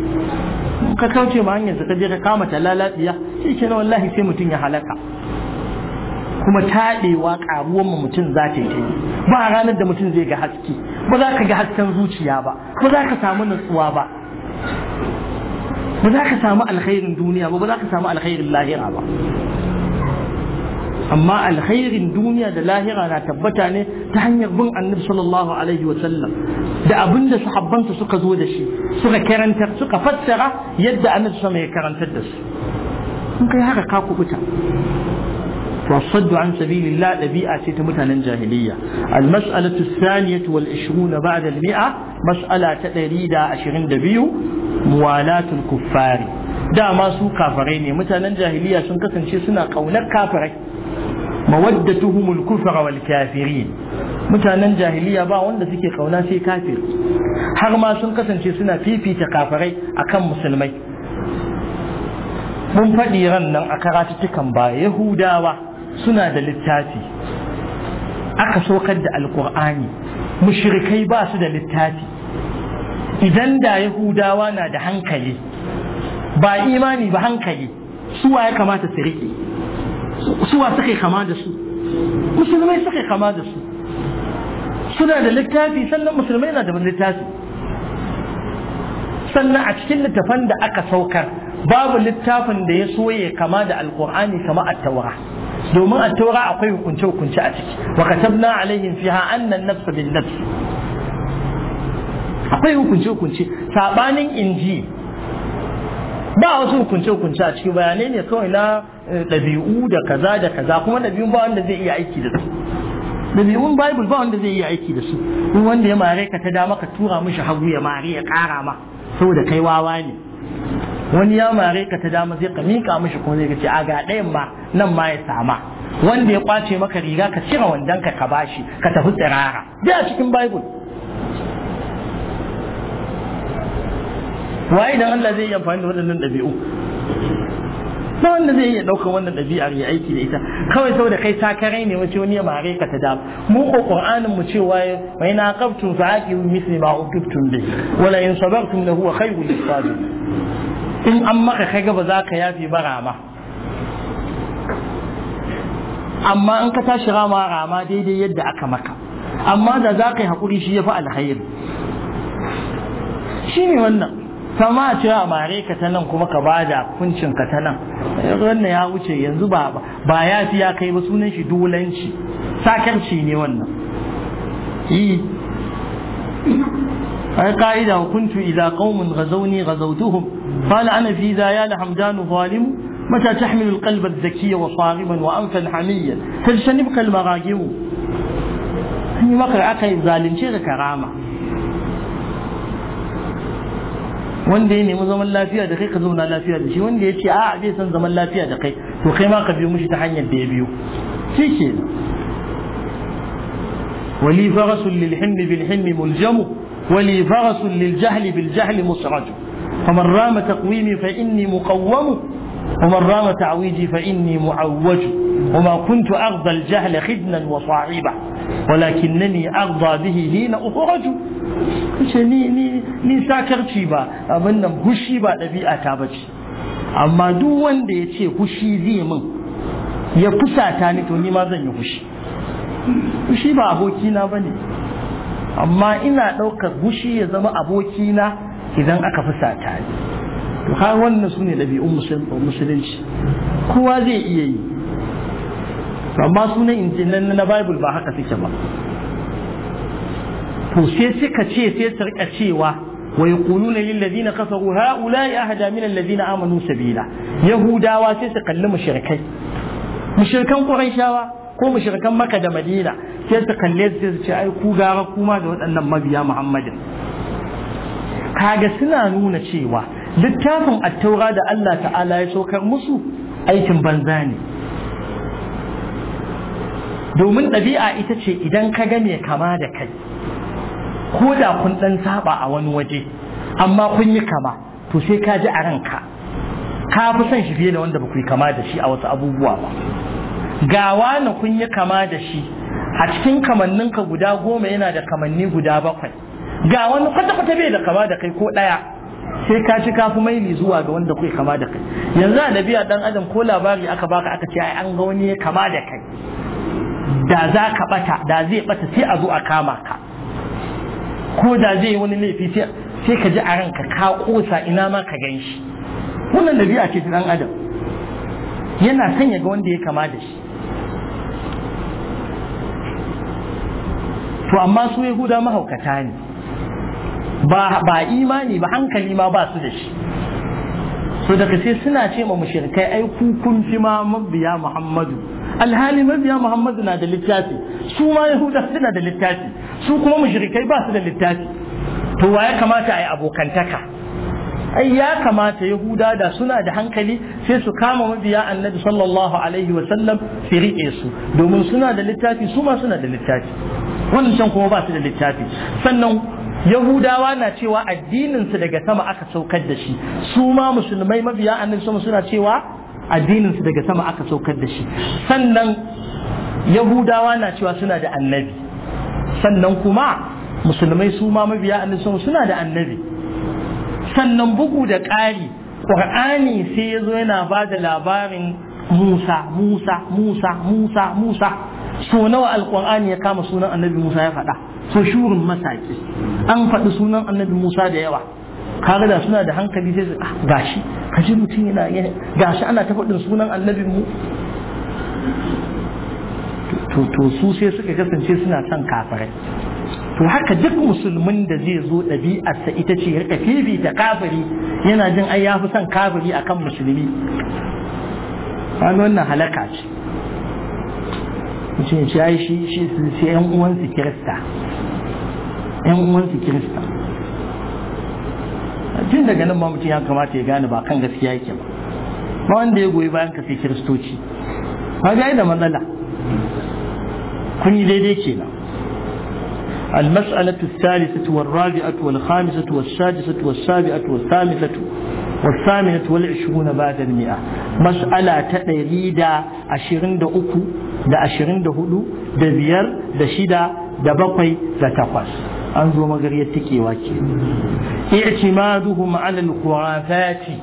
ka kauce ma hanyar ka je ka kama ta lalatsiya sai ke wallahi sai mutum ya halaka kuma taɗewa ƙaruwar mutum za ta yi ba ranar da mutum zai ga haske ba za ka ga hasken zuciya ba ba za ka samu nutsuwa ba ba za ka samu alkhairin duniya ba ba za ka samu alkhairin lahira ba amma alkhairin duniya da lahira na tabbata ne ta hanyar bin annabi sallallahu alaihi wa sallam da abin da sahabbansa suka zo da shi suka karanta suka fassara yadda annabi sama ya karantar da su in kai haka ka kubuta والصد عن سبيل الله لبيئة تمتنا جاهلية المسألة الثانية والعشرون بعد المئة مسألة تدريد عشرين دبيو موالاة الكفار دا ما سو كافرين متنا جاهلية سنكسن شي سنة قولك كافرين mawaddatuhumul kufra wal kafirin mutanen jahiliya ba wanda suke kauna sai kafir har ma sun kasance suna fifita kafirai akan musulmai mun faɗi ran nan a karatuttukan ba yahudawa suna da littafi aka sokar da alkur'ani mushrikai ba su da littafi idan da yahudawa na da hankali ba imani ba hankali suwa ya kamata su riƙe suwa suka kama da su musulmai suka kama da su suna da littafi sannan musulmai na da littafi sannan a cikin littafan da aka saukar babu littafin da ya so ya kama da alkur'ani kama attaura domin attaura akwai hukunce-hukunce a ciki wa katabna alaihim fiha annan nafsa bin nafs akwai hukunce-hukunce sabanin inji ba wasu hukunce hukunce a ciki bayanai ne kawai na eh, ɗabi'u da kaza da kaza kuma ɗabi'un ba wanda zai iya aiki da su ɗabi'un bible ba wanda zai iya aiki da su in wanda ya mare ka ta dama ka tura mishi hagu ya mare ya kara ma saboda kai wawa ne wani ya mare ka ta dama zai ka miƙa mishi kuma zai ce a ga ɗayan ma nan ma ya sama wanda ya kwace maka riga ka cire wandon ka ka bashi ka tafi tsirara dai a cikin bible waye dan Allah zai yi amfani da waɗannan ɗabi'u ba wanda zai iya ɗaukar wannan ɗabi'ar ya aiki da ita kawai saboda kai sakarai ne wace wani ya mare ka ta dam mu ko qur'anin mu ce waye, mai na qabtum fa aqimu misli ma uqibtum bi wala in sabartum lahu wa khayrun lis-sabirin in an maka kai gaba za ka yafi ba rama amma in ka tashi rama rama daidai yadda aka maka amma da za ka yi haƙuri shi ya fi alkhairi shi ne wannan sama cewa mare ka ta nan kuma ka bada kuncin ka ta nan wannan ya wuce yanzu ba ba ya fi ya kai ba sunan shi dolanci sakarci ne wannan yi ai ka'ida kuntu idza qaumun ghazawni ghazawtuhum qala ana fi idza ya hamdanu zalim متى تحمل القلب الذكي وصارما وأنفا حميا تجتنبك المراجم هي مقر أكي ظالم شيء كرامة wanda ya nemi zaman lafiya da kai ka zauna lafiya da shi wanda ya ce a'a bai san zaman lafiya da kai to kai ma ka biyo mushi ta hanyar da ya biyo shi ke wali farasul lil hilmi bil hilmi muljamu wali farasul lil jahli bil jahli musraju faman rama taqwimi fa inni muqawwamu ومن رام تعويجي فإني معوج وما كنت أرضى الجهل خدنا وصاعبا walakinnani arda bihi hina ukhraju kace ni ni ni sakarci ba abin nan hushi ba dabi'a ta bace amma duk wanda ya ce hushi zai min ya fusata ni to ni ma zan yi hushi hushi ba abokina bane amma ina ɗaukar hushi ya zama abokina idan aka fusata ni to har wannan sune ɗabi'un musulunci kowa zai iya yi amma sunan injilan na bible ba haka suke ba to sai suka ce sai su rika cewa wa yaquluna lil ladina kafaru ya hada min Ladina amanu sabila yahudawa sai su kalli mushrikai mushrikan quraishawa ko mushrikan makka da madina sai su kalle su sai su ce ai ku gara kuma da waɗannan mabiya muhammadin kaga suna nuna cewa littafin taura da Allah ta'ala ya saukar musu aikin banza ne domin ɗabi'a ita ce idan ka ga mai kama da kai ko da kun ɗan saba a wani waje amma kun yi kama to sai ka ji a ranka ka fi son shi fiye da wanda ba ku yi kama da shi a wasu abubuwa ba ga wani kun yi kama da shi a cikin kamanninka guda goma yana da kamanni guda bakwai ga wani kwata-kwata bai da kama da kai ko ɗaya sai ka ci kafi maili zuwa ga wanda kai kama da kai yanzu a nabiya dan adam ko labari aka baka aka ce ai an ga wani ya kama da kai da za ka bata da zai bata sai a zo a kama ka ko da zai yi wani laifi sai ka ji a ranka ka kosa ina ma ka gan shi wannan biya ce ta dan adam yana son ya ga wanda ya kama da shi to amma su yahuda mahaukata ne ba imani ba hankali ma ba su da shi so daga sai suna ce ma mushrikai aiku ku kun fi ma mabiya muhammadu alhali mabiya muhammadu na da littafi su ma yahuda suna da littafi su kuma mushrikai ba su da littafi to wa ya kamata a yi abokantaka ai ya kamata yahuda da suna da hankali sai su kama mabiya annabi sallallahu alaihi wa sallam su su domin suna da littafi su ma suna da littafi wannan can kuma ba su da littafi sannan yahudawa na cewa addininsu daga sama aka saukar da shi su ma musulmai mabiya annabi sama suna cewa Addinin su daga sama aka saukar da shi sannan yahudawa na cewa suna da annabi sannan kuma musulmai su ma mabiya annabi suna da annabi sannan bugu da ƙari ƙur'ani sai ya zo yana ba da labarin musa musa musa musa musa so nawa alƙur'ani ya kama sunan annabi musa ya faɗa so shurin masaki an faɗi sunan annabi musa da yawa kaga da suna da hankali sai ah gashi kaji mutum yana gashi ana ta faɗin sunan annabin mu to su sai suka kasance suna son kafirai to haka duk musulmin da zai zo sa ita ce ya rika da kafiri yana jin ai ya fi son kafiri akan musulmi wannan halaka ce mutum ya ce ai shi shi sai yan uwansu kirista yan uwansu kirista tun daga nan ma mutum ya kamata ya gane ba kan gaskiya yake ba ba wanda ya goyi bayan ka sai kiristoci ba ga da matsala kun yi daidai kenan المسألة الثالثة والرابعة والخامسة والسادسة والسابعة والثامنة والثامنة والعشرون بعد المئة مسألة تأريد عشرين دا أكو دا عشرين دا هدو دا بير دا شدا دا بقي دا تقص an zo magariyar takewa ke i'timaduhum ala al-khurafati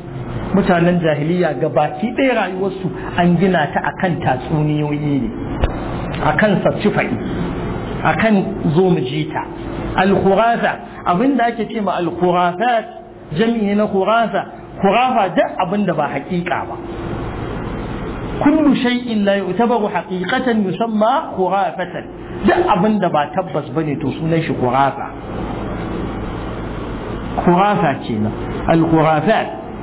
mutanen jahiliya gabaki ɗaya rayuwarsu an gina ta akan tatsuniyoyi ne akan sassifai akan zo mu ji ta al-khurafa abinda ake ce ma al-khurafat jami'i na khurafa khurafa duk abinda ba haƙiƙa ba kullu shay'in la yu'tabaru haqiqatan yusamma khurafatan duk abin da ba tabbas ba ne to sunan shi kurasa kurasa ce na alkurasa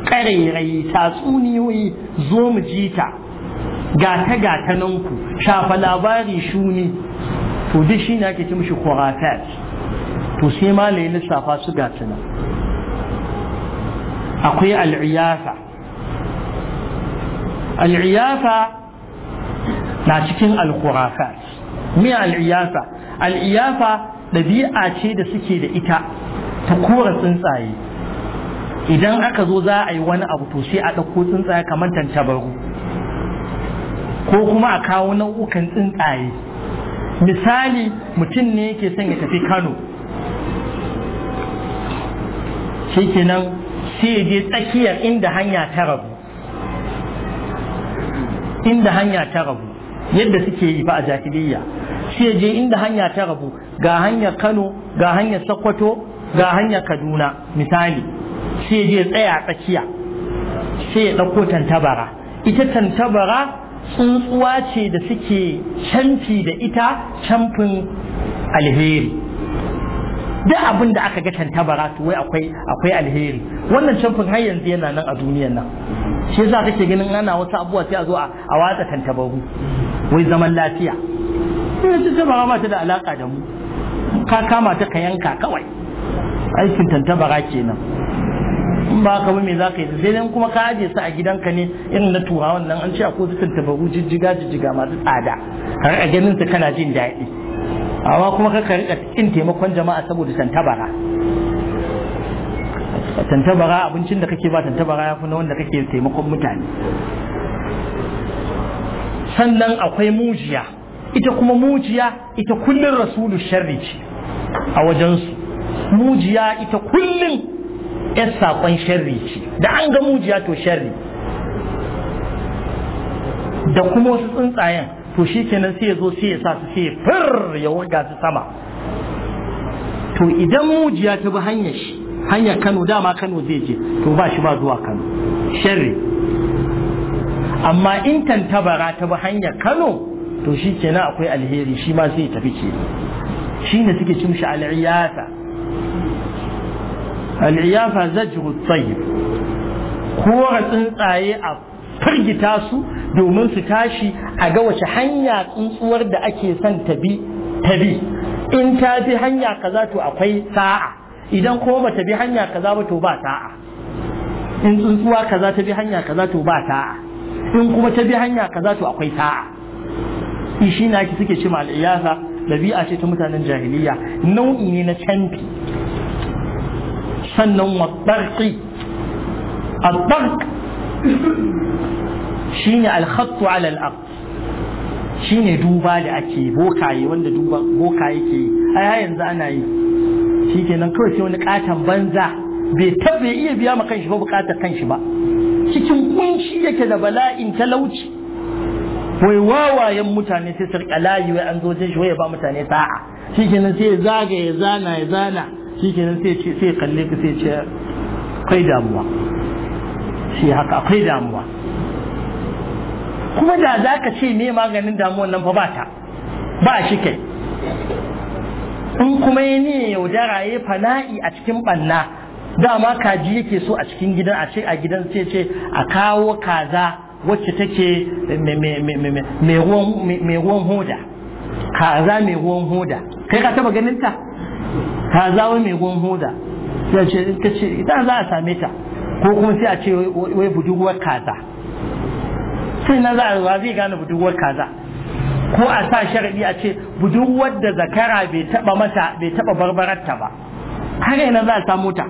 ƙarairayi tatsuniyoyi zo mu ta gata gata nan ku shafa labari shuni to duk shi ne ake ce mishi kurasa to sai ma lai lissafa su gata nan akwai al'iyasa al'iyasa na cikin alkurasa miya al'iyafa al'iyafa ɗabi'a ce da suke da ita ta kora tsuntsaye idan aka zo za a yi wani abu to sai a ɗauko tsuntsaye kamar tantabaru ko kuma a kawo nau'ukan tsuntsaye misali mutum ne yake son ya tafi kano shi kenan sai je tsakiyar inda hanya ta rabu inda hanya ta rabu yadda suke yi fa a jahiliyya sai je inda hanya ta rabu ga hanyar Kano ga hanyar Sokoto ga hanyar Kaduna misali sai je tsaya tsakiya sai ya ɗauko tantabara ita tantabara tsuntsuwa ce da suke canfi da ita canfin alheri duk abin da aka ga tantabara to wai akwai akwai alheri wannan canfin har yanzu yana nan a duniyar nan shi yasa kake ganin ana wasu abubuwa sai a zo a watsa tantabaru wai zaman lafiya sai eh, ta tabara ba ta da alaka da mu ka kama ta ka yanka kawai aikin tantabara kenan in ba ka me za ka yi sai dai kuma ka aje su a gidanka ne irin na tuwa wannan an ce akwai su tantabaru jijjiga jijjiga masu tsada har a ganin su kana jin daɗi amma kuma ka ka rika cikin taimakon jama'a saboda tantabara tantabara abincin da kake ba tantabara ya fi na wanda kake taimakon mutane sannan akwai mujiya ita kuma mujiya ita kullun rasulu sharri ce a wajensu mujiya ita kullun yan saƙon sharri ce da an ga mujiya to sharri da kuma wasu tsuntsayen to shi kenan sai ya zo sai ya sa su sai fir ya wurga su sama to idan mujiya ta bi hanyar shi hanyar kano dama kano zai je to ba shi ba zuwa kano sharri amma in tantabara ta bi hanyar kano to shi kenan akwai alheri shi ma sai tafi ke shi ne suke cin shi al'iyafa zai ji tsayib kora tsuntsaye a firgita su domin su tashi a ga wace hanya tsuntsuwar da ake son ta bi ta bi in ta bi hanya kaza to akwai sa'a idan kuma ta bi hanya kaza ba to ba sa'a in tsuntsuwa kaza ta bi hanya kaza to ba sa'a in kuma ta bi hanya kaza to akwai sa'a shi na ki suke ce al'iyasa ɗabi'a ce ta mutanen jahiliya nau'i ne na canfi sannan wa barki al-bark shine al-khattu ala duba da ake bokaye wanda duba bokaye ke ai yanzu ana yi kenan kawai sai wani katon banza bai tabbe iya biya ma kanshi ba bukatar kanshi ba cikin kunshi yake da bala'in talauci wai wawayen mutane sai sarƙa layi wai an zo jin shi wai ya ba mutane sa'a shikenan sai ya zaga ya zana ya zana shikenan sai ce sai kalle ka sai ce akwai damuwa shi haka akwai damuwa kuma da za ka ce me maganin damuwan nan fa ba ta ba shi kai in kuma ya ne yaudara ya fana'i a cikin ɓanna dama kaji yake so a cikin gidan a ce a gidan sai ce a kawo kaza wacce take mai ruwan hoda kaza mai ruwan hoda kai ka taba ganin ta kaza wai mai ruwan hoda sai ce ta ce idan za a same ta ko kuma sai a ce wai budurwar kaza sai na za a zai gane budurwar kaza ko a sa sharadi a ce budurwar da zakara bai taba mata bai taba barbararta ba har yana za a samu ta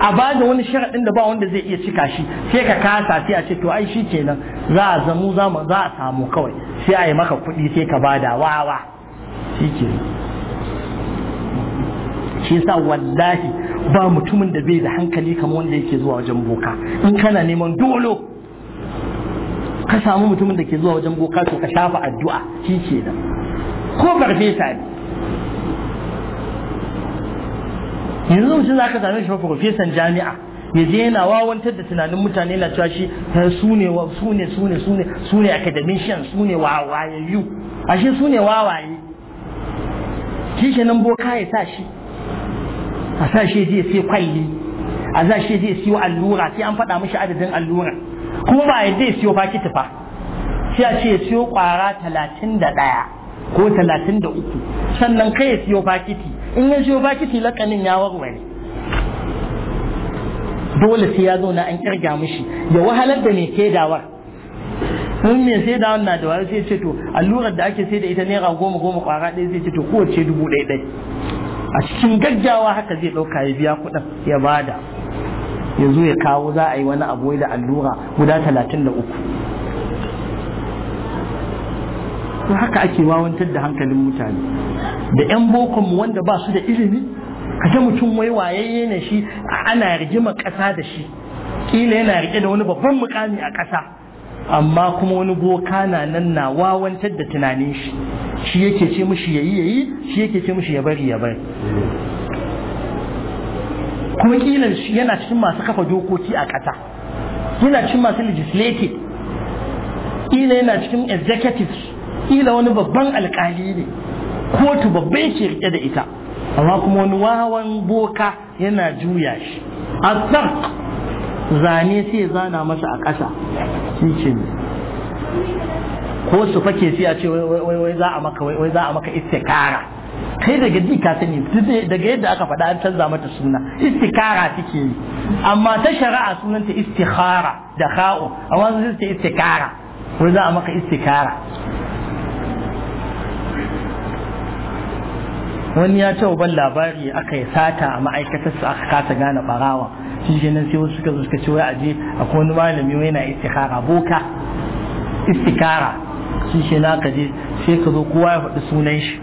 a ba da wani sharaɗin da ba wanda zai iya cika shi sai ka kasa sai a ce to ai shi kenan za a zamu za a samu kawai sai a yi maka kuɗi sai ka ba da wawa shi kenan shi yasa wallahi ba mutumin da bai da hankali kamar wanda yake zuwa wajen boka in kana neman dolo ka samu mutumin da ke zuwa wajen boka to ka shafa addu'a shi kenan ko farfesa ne yanzu mutum za ka same shi ba profesan jami'a ya je yana wawantar da tunanin mutane na cewa shi su ne su ne su ne su ne su ne academician su ne wawayayyu ashe su ne wawaye shi nan boka ya sa shi a sa shi je sai kwalli a sa shi je siyo allura sai an faɗa mishi adadin allura kuma ba ya ya siyo fakiti fa sai a ce ya siyo kwara talatin da ɗaya ko talatin da uku sannan kai ya siyo fakiti in ya zo baki lakanin ya warware dole sai ya zauna an kirga mishi ya wahalar da mai kedawar mun mai sai da wannan da sai ce to allurar da ake sai da ita naira goma goma kwara ɗaya sai ce to kowace dubu ɗaya ɗaya a cikin gaggawa haka zai ɗauka ya biya kuɗin ya bada ya zo ya kawo za a yi wani abu da allura guda talatin da uku to haka ake wawantar da hankalin mutane da 'yan bokonmu wanda ba su da ilimi kaga mutum wai wayayye ne shi ana rigima ƙasa da shi kila yana rike da wani babban mukami a ƙasa amma kuma wani boka na nan na wawantar da tunanin shi shi yake ce mishi yayi yayi shi yake ce mishi ya bari ya bari kuma kila yana cikin masu kafa dokoki a ƙasa yana cikin masu legislative kila yana cikin executives kila wani babban alkali ne kotu babba yake rike da ita amma kuma wani wawan boka yana juya shi a zane sai zana masa a ƙasa shi ce ko su fake sai a ce wai za a maka wai za a maka istikara kai daga ji ka sani daga yadda aka faɗa an canza mata suna istikara take yi amma ta shari'a sunanta istikara da kha'u amma sun ce istikara wai za a maka istikara wani ya taɓa ban labari aka yi sata a ma'aikatar su aka kasa gane barawa shi shi nan sai wasu suka zo suka ce wai aje akwai wani malami wai na istikara boka istikara shi shi na ka je sai ka zo kowa ya faɗi sunan shi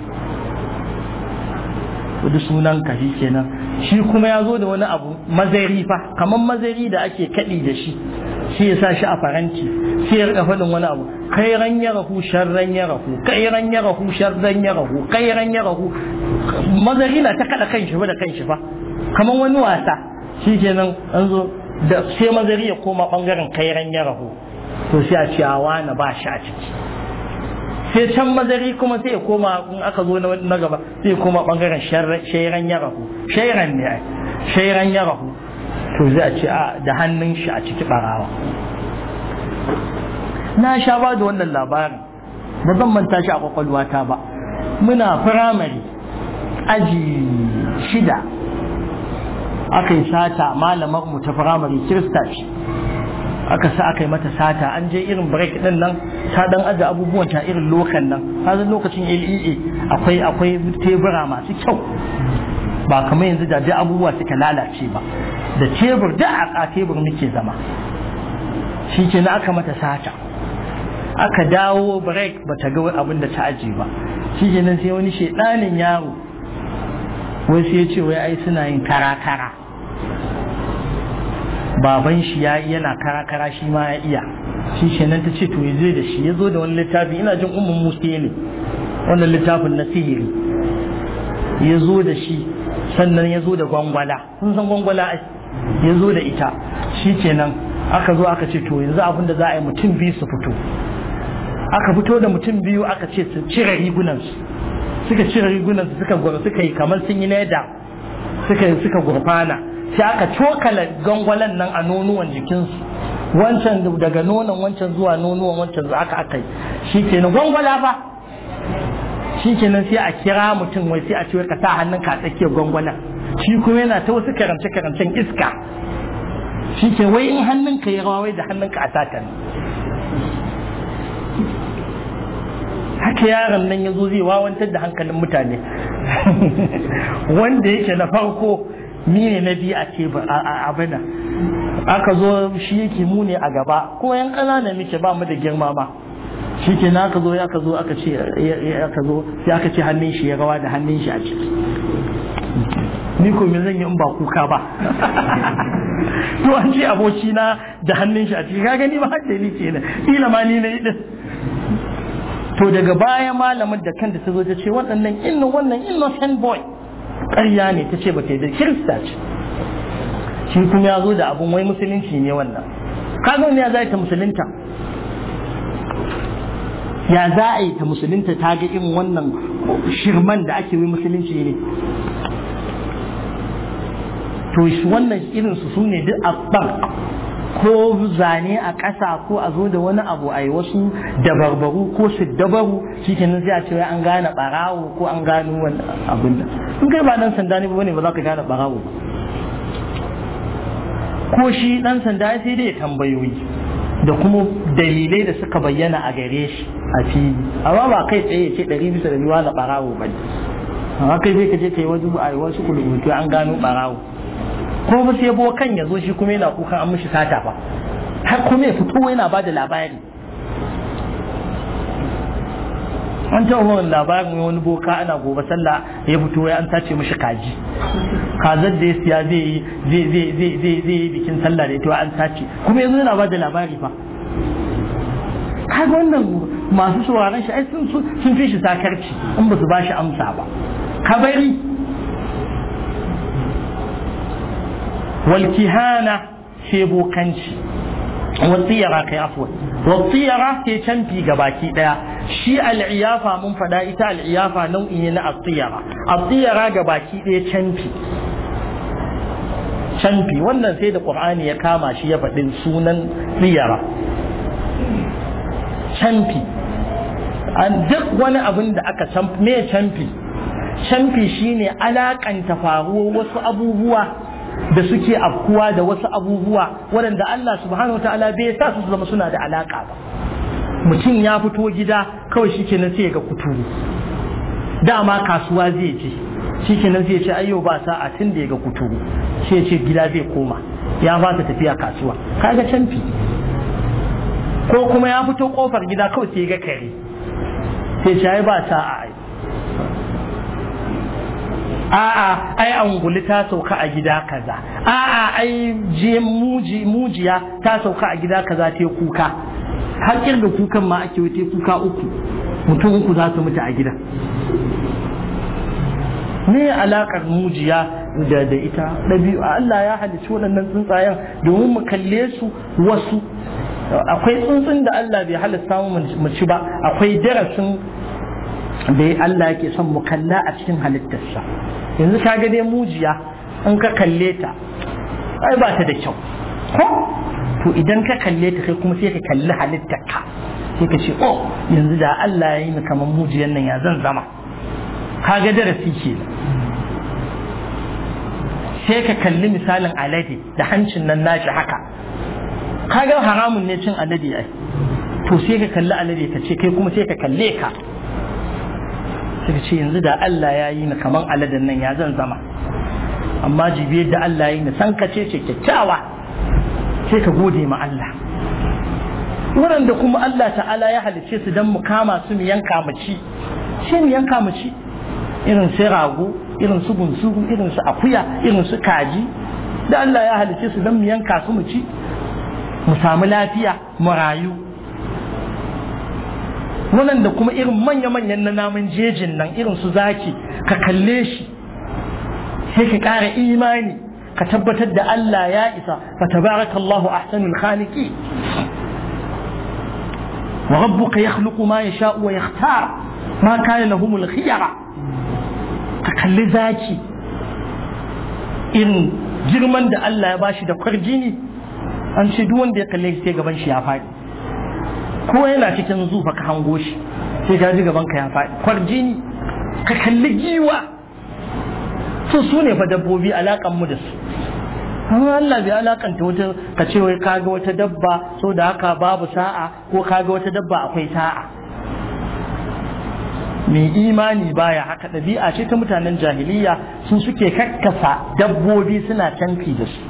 faɗi sunan ka shi kenan shi kuma ya zo da wani abu mazari fa kamar mazari da ake kaɗi da shi sai ya sa shi a faranti sai ya rika faɗin wani abu ran ya rahu sharran ya rahu kairan ya rahu sharran ya rahu kairan ya rahu mazari na ta kada kanshi ba da kanshi fa kamar wani wasa shikenan an zo da sai mazari ya koma bangaren kairan ya rahu to sai a ce a wani ba shi a ciki sai can mazari kuma sai ya koma in aka zo na gaba sai ya koma bangaren shairan ya rahu sharran ya rahu to za a ce a da hannun shi a ciki barawa na sha ba da wannan labarin ba zan manta shi a kwakwalwata ba muna firamare aji shida aka yi sata malamar mu ta firamare kirista ce aka sa aka yi mata sata an je irin break din nan ta dan aje abubuwan ta irin lokan nan hazin lokacin LEA akwai akwai tebura masu kyau ba kamar yanzu da abubuwa suka lalace ba da tebur da a tebur muke zama shi ke na aka mata sata aka dawo break ba ta ga abin da ta aje ba shi ke nan sai wani shaidanin yaro wai ya ce wai ai suna yin karakara. kara baban shi ya yana kara-kara shi ma ya iya shi ke nan ta ce to yanzu da shi ya da wani littafi ina jin umar musu ne wannan littafin na sihiri Yazo zo da shi sannan ya da gwangwala sun san gwangwala ya zo da ita shi kenan aka zo aka ce to yanzu abin da za a yi mutum biyu su fito aka fito da mutum biyu aka ce su cire rigunansu suka cire rigunansu suka gwaro suka yi kamar sun yi leda suka yi suka gurfana sai aka cokala gangwalan nan a nonuwan jikinsu wancan daga nonon wancan zuwa nonuwan wancan zuwa aka aka yi shi kenan gwangwala ba shi kenan sai a kira mutum wai sai a ce ka sa hannun ka tsakiyar gwangwalan shi kuma yana ta wasu karance-karancen iska shi ke wai in hannunka ya rawa wai da hannunka a taka ne haka yaron nan ya zo zai wawantar da hankalin mutane wanda yake na farko mine na biyu a tebur a abina aka zo shi yake mu ne a gaba ko yan ƙanana muke ba mu da girma ma shi ke na aka zo ya ka zo aka ce aka zo ya aka ce hannun shi ya rawa da hannun shi a ciki ni ko me zan yi in ba kuka ba to an ce aboki na da hannun shi a ciki ka gani ba hadda ni kenan ila ma ni ne din to daga baya malamin da kanta ta zo ta ce waɗannan inna wannan innocent boy ƙarya ne ta ce ba ta yi da kirista ce shi kuma ya zo da abun wai musulunci ne wannan ka ga ya za ta musulunta ya za a yi ta musulunta ta ga irin wannan shirman da ake yi musulunci ne to shi wannan irin su sune duk abban ko zane a ƙasa ko a zo da wani abu a yi wasu dabarbaru ko su dabaru shi ke nan a an gane ɓarawo ko an gano wani abin da in kai ba ɗan sanda ne ba ne ba za ka gane ɓarawo ko shi ɗan sanda sai dai tambayoyi da kuma dalilai da suka bayyana a gare shi a fili amma ba kai tsaye ya ce ɗari bisa da ɗari na ɓarawo ba ne amma kai sai ka je ka yi wasu kulubutu an gano ɓarawo ko ba sai kan ya zo shi kuma yana kuka an mishi sata ba har kuma ya fito yana bada labari an ta wani labarin wani boka ana gobe sallah ya fito ya an sace mishi kaji kazar da ya siya zai yi zai yi bikin sallah da ita an sace kuma yanzu yana bada labari fa kai wannan masu sauraron shi ai sun fi shi sakarci in ba su ba shi amsa ba kabari wal kihana sai bokanci wasiyara kai afwan wasiyara sai canfi ga baki daya shi al'iyafa mun faɗa ita al'iyafa nau'i ne na asiyara asiyara ga baki daya canfi canfi wannan sai da qur'ani ya kama shi ya faɗin sunan tsiyara canfi an duk wani abin da aka canfi me canfi canfi shine alakanta faruwar wasu abubuwa da suke afkuwa da wasu abubuwa waɗanda Allah subhanahu ta'ala bai sa su zama suna da alaka ba mutum ya fito gida kawai shikenan sai ga kuturu dama kasuwa zai je shikenan ya ce ayyo ba sa'a tun da ya ga kuturu sai ce gida zai koma ya fata tafiya kasuwa kaga canfi ko kuma ya fito kofar gida kawai sai ga kare sai ce ai ba sa'a ai a'a ai guli ta sauka a gida kaza a'a ai je muji mujiya ta sauka a gida kaza te kuka har kirga kukan ma ake te kuka uku mutum uku za su mutu a gida me alakar mujiya da da ita dabi'u Allah ya halicci waɗannan tsuntsayen domin mu kalle su wasu akwai tsuntsun da Allah bai halasta mu ci ba akwai darasin bai Allah yake son mu kalla a cikin halittarsa yanzu ka ga dai mujiya in ka kalle ta ai ba ta da kyau ko to idan ka kalle ta kai kuma sai ka kalli halittarka sai ka ce oh yanzu da Allah ya yi ni kamar mujiyan nan ya zan zama ka ga darasi ke sai ka kalli misalin alade da hancin nan naci haka ka ga haramun ne cin alade ai to sai ka kalli alade ka ce kai kuma sai ka kalle ka suka ce yanzu da Allah ya yi ni kamar aladin nan ya zan zama amma jibi da Allah ya yi ni san ka ce ce kyakkyawa sai ka gode ma Allah waɗanda kuma Allah ta'ala ya halicce su don mu kama su mu yanka mu ci sai mu yanka mu ci irin su rago irin su gunsugu irin su akuya irin su kaji da Allah ya halicce su don mu yanka su mu ci mu samu lafiya mu rayu da kuma irin manya-manyan na namun jejin nan irin su zaki ka kalle shi sai ka ƙara imani ka tabbatar da Allah ya isa fa tabarakallahu ahsanul khaliqi wa rabbuka yakhluqu ma yasha'u wa yakhtar ma kana lahumul khiyara ka kalli zaki irin girman da Allah ya bashi da kwarjini an ce duk wanda ya kalle shi sai gaban shi ya faɗi ko yana cikin zufa ka hango shi sai ka ji gaban ka ya faɗi kwarjini ka kalli giwa su su ne fa dabbobi alaƙan mu da su amma Allah bai alakanta wata ka ce wai ka ga wata dabba so da haka babu sa'a ko ka ga wata dabba akwai sa'a mai imani baya haka ɗabi'a ce ta mutanen jahiliya sun suke kakkasa dabbobi suna canfi da su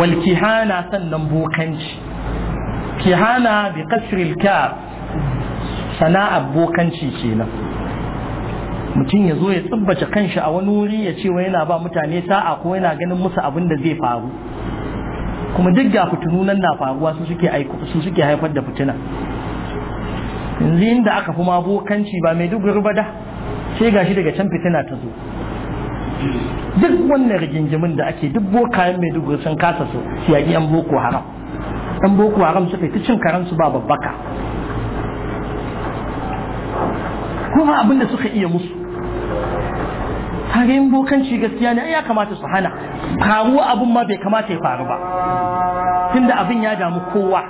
walkihana sannan bokanci kihana bi kasril ka sana'ar bokanci kenan mutum ya zo ya tsubbace kanshi a wani wuri ya ce wa yana ba mutane sa'a ko yana ganin musu abin da zai faru kuma duk ga fitinu nan na faruwa su suke haifar da fitina yanzu inda aka fi ma bokanci ba mai duk bada, sai gashi daga can fitina ta zo duk wannan rigingimin da ake duk bokayen mai duk sun kasa su yaƙi yan boko haram ɗan boko haram suka yi ta cin su ba babbaka kuma abin da suka iya musu harin bokanci gaskiya ne ya kamata su hana faru abin ma bai kamata ya faru ba tunda abin ya damu kowa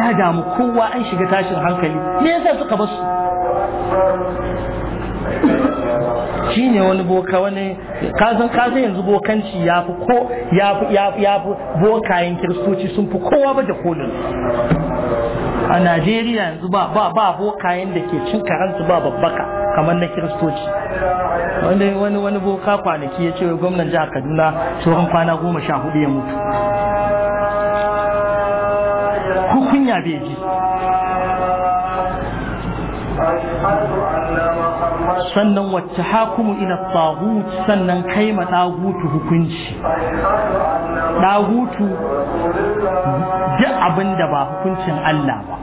ya damu kowa an shiga tashin hankali me yasa suka basu shi ne wani boka wani kasan kasan yanzu bokanci ya fi ko ya fi ya fi bokayen kiristoci sun fi kowa ba da kolin a najeriya yanzu ba ba ba bokayen da ke cin karansu ba babbaka kamar na kiristoci wani wani wani boka kwanaki ya ce wa gwamnan jihar kaduna tsohon kwana goma sha hudu ya mutu kunya bai ji sannan wacce hakumu ila tagut sannan kai ma tagutu hukunci tagutu duk abin da ba hukuncin Allah ba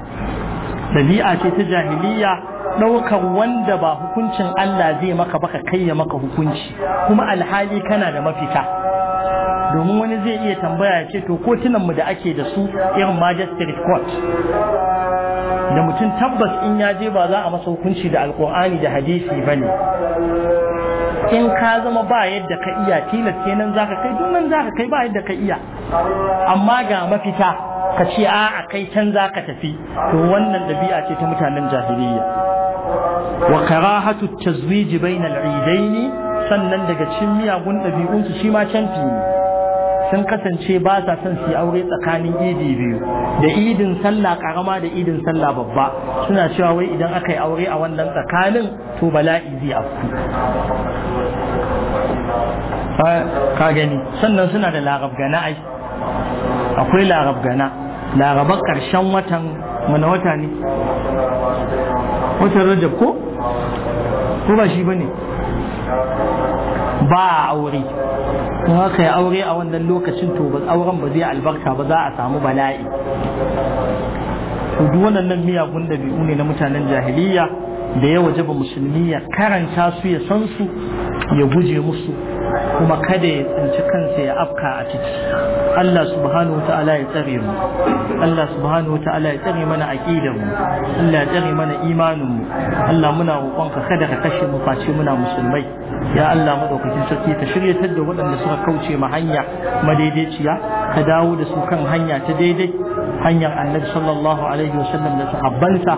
dabi'a ce ta jahiliya ɗaukar wanda ba hukuncin Allah zai maka baka kai ya maka hukunci kuma alhali kana da mafita domin wani zai iya tambaya ce to kotunan mu da ake da su irin magistrate court da mutum tabbas in ya je ba za a masa hukunci da alkur'ani da hadisi ba ne in ka zama ba yadda ka iya tilas kenan za ka kai nan za ka kai ba yadda ka iya amma ga mafita ka ce a a kai can za ka tafi to wannan ɗabi'a ce ta mutanen jahiliya wa karahatu tazwiji bainal idaini sannan daga cikin miyagun ɗabi'unsu shi ma canfi ne sun kasance ba sa son su yi aure tsakanin idi biyu da idin sallah karama da idin sallah babba suna cewa wai idan aka yi aure a wannan tsakanin to bala'i zai afku ka gani sannan suna da larabgana ai akwai larabgana larabar karshen watan mana wata ne watan rajab ko ko ba shi bane ba a aure in haka ya aure a wannan lokacin to ba auren ba zai albarka ba za a samu bala'i to duk miyagun dabi'u ne na mutanen jahiliya da ya waje ba musulmi ya karanta su ya san su ya guje musu kuma kada ya tsinci kansa ya afka a ciki Allah subhanahu ta'ala ya tsare mu Allah subhanahu ta'ala ya tsare mana aqidar mu Allah ya tsare mana imanin mu Allah muna roƙonka kada ka kashe mu face muna musulmai ya Allah madaukakin sarki ka shiryatar da waɗanda suka kauce ma hanya madaidaiciya ka dawo da su kan hanya ta daidai hanyar annabi sallallahu alaihi wasallam da sahabbansa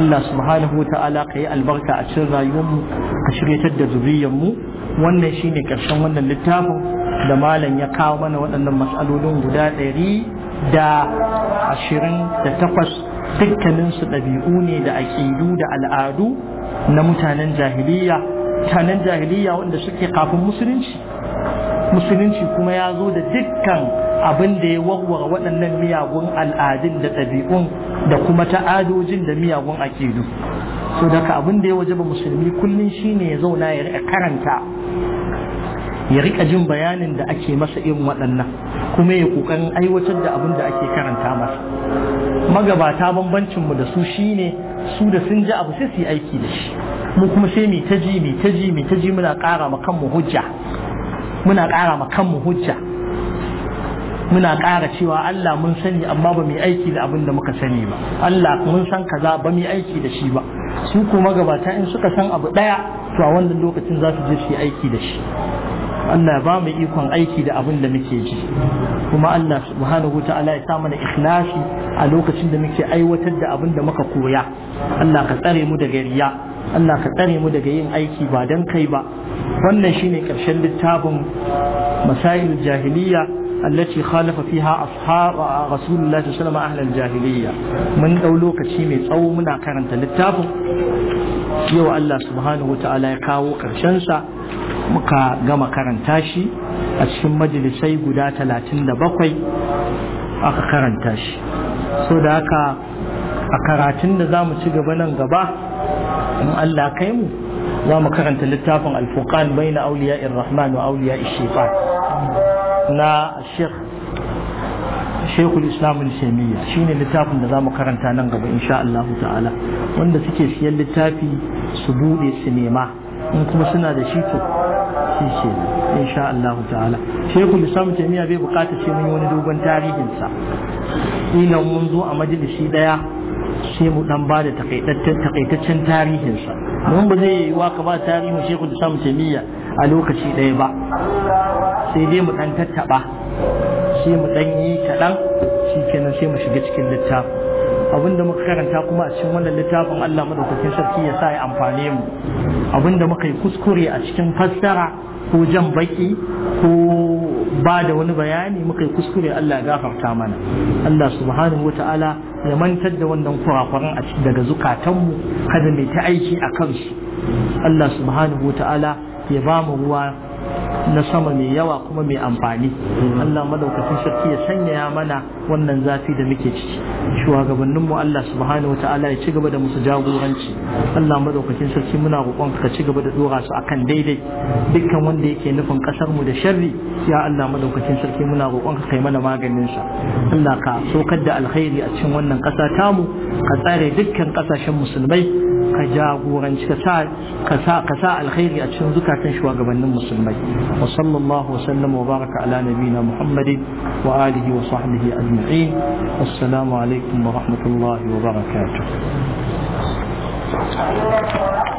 Allah subhanahu ta'ala ka yi albarka a cikin rayuwar mu ka shiryatar da zuriyar mu wannan shine ƙarshen cikin wannan littafin da malam ya kawo mana waɗannan matsalolin guda ɗari da ashirin da takwas dukkaninsu ɗabi'u ne da aƙidu da al'adu na mutanen jahiliya mutanen jahiliya wanda suke kafin musulunci musulunci kuma ya zo da dukkan abin da ya warware waɗannan miyagun al'adun da ɗabi'un da kuma ta'adojin da miyagun aƙidu so daga abin da ya waje ba musulmi kullum shine ya zauna ya karanta ya rika jin bayanin da ake masa irin waɗannan kuma ya kokarin aiwatar da abin da ake karanta masa magabata bambancin da su shine su da sun ji abu sai su yi aiki da shi mu kuma sai mai ta ji mai ta ji mai ta ji muna ƙara ma kanmu hujja muna ƙara ma kanmu hujja muna ƙara cewa Allah mun sani amma ba mu aiki da abin da muka sani ba Allah mun san kaza ba mu aiki da shi ba su kuma magabata in suka san abu ɗaya to a wannan lokacin za su je su yi aiki da shi Allah ba mu ikon aiki da abin da muke ji kuma Allah subhanahu ta'ala ya sa mana ikhlasi a lokacin da muke aiwatar da abin da muka koya Allah ka tsare mu daga riya Allah ka tsare mu daga yin aiki ba dan kai ba wannan shine karshen littafin masail jahiliya التي خالف فيها أصحاب رسول الله صلى الله عليه وسلم أهل الجاهلية من دولو كشيمي أو من أكارن تلتابو يو الله سبحانه وتعالى يكاو كرشنسا muka gama karanta shi a cikin majalisai guda 37 aka karanta shi so da haka a karatun da za mu ci gaba nan gaba in Allah kai mu za mu karanta littafin alfuqan bai na auliya irrahman wa auliya ishefan na shekul islam al shi shine littafin da za mu karanta nan gaba insha Allah ta'ala wanda suke siyan littafi su bude sinema in kuma suna da shi to shi sha Allah ta'ala shekul islam jami'a bai bukata ce mun yi wani dogon tarihinsa ina mun zo a majalisi daya sai mu dan bada takaitaccen tarihinsa mun ba zai yi waka ba tarihin shekul islam jami'a a lokaci daya ba sai dai mu dan tattaba sai mu dan yi kaɗan shi kenan sai mu shiga cikin littafin abinda muka karanta kuma a cikin wannan littafin Allah madaukakin sarki ya sa ya amfane mu abinda muka yi kuskure a cikin fassara ko jan baki ko ba da wani bayani muka yi kuskure Allah ya gafarta mana Allah subhanahu wata'ala ya mantar da wannan kurakuran a cikin daga zukatanmu kada mai ta aiki a kansu Allah subhanahu wata'ala ya ba mu ruwa na sama mai yawa kuma mai amfani mm-hmm. Allah madaukakin sarki ya sanya mana wannan zafi da muke ciki shugabanninmu mu Allah subhanahu wataala ya ci gaba da musu jagoranci Allah madaukakin sarki muna roƙon ka ci gaba da dora su akan daidai dukkan wanda yake nufin kasar mu da sharri ya Allah madaukakin sarki muna roƙon ka kai mana maganin sa Allah ka sokar da alkhairi a cikin wannan ƙasa tamu ka tsare dukkan ƙasashen musulmai ka jagoranci ka sa ka alkhairi a cikin zukatan shugabannin musulmai wa sallallahu wa sallam wa baraka ala nabiyina muhammadin wa alihi wa sahbihi ajma'in assalamu alaikum wa rahmatullahi wa barakatuh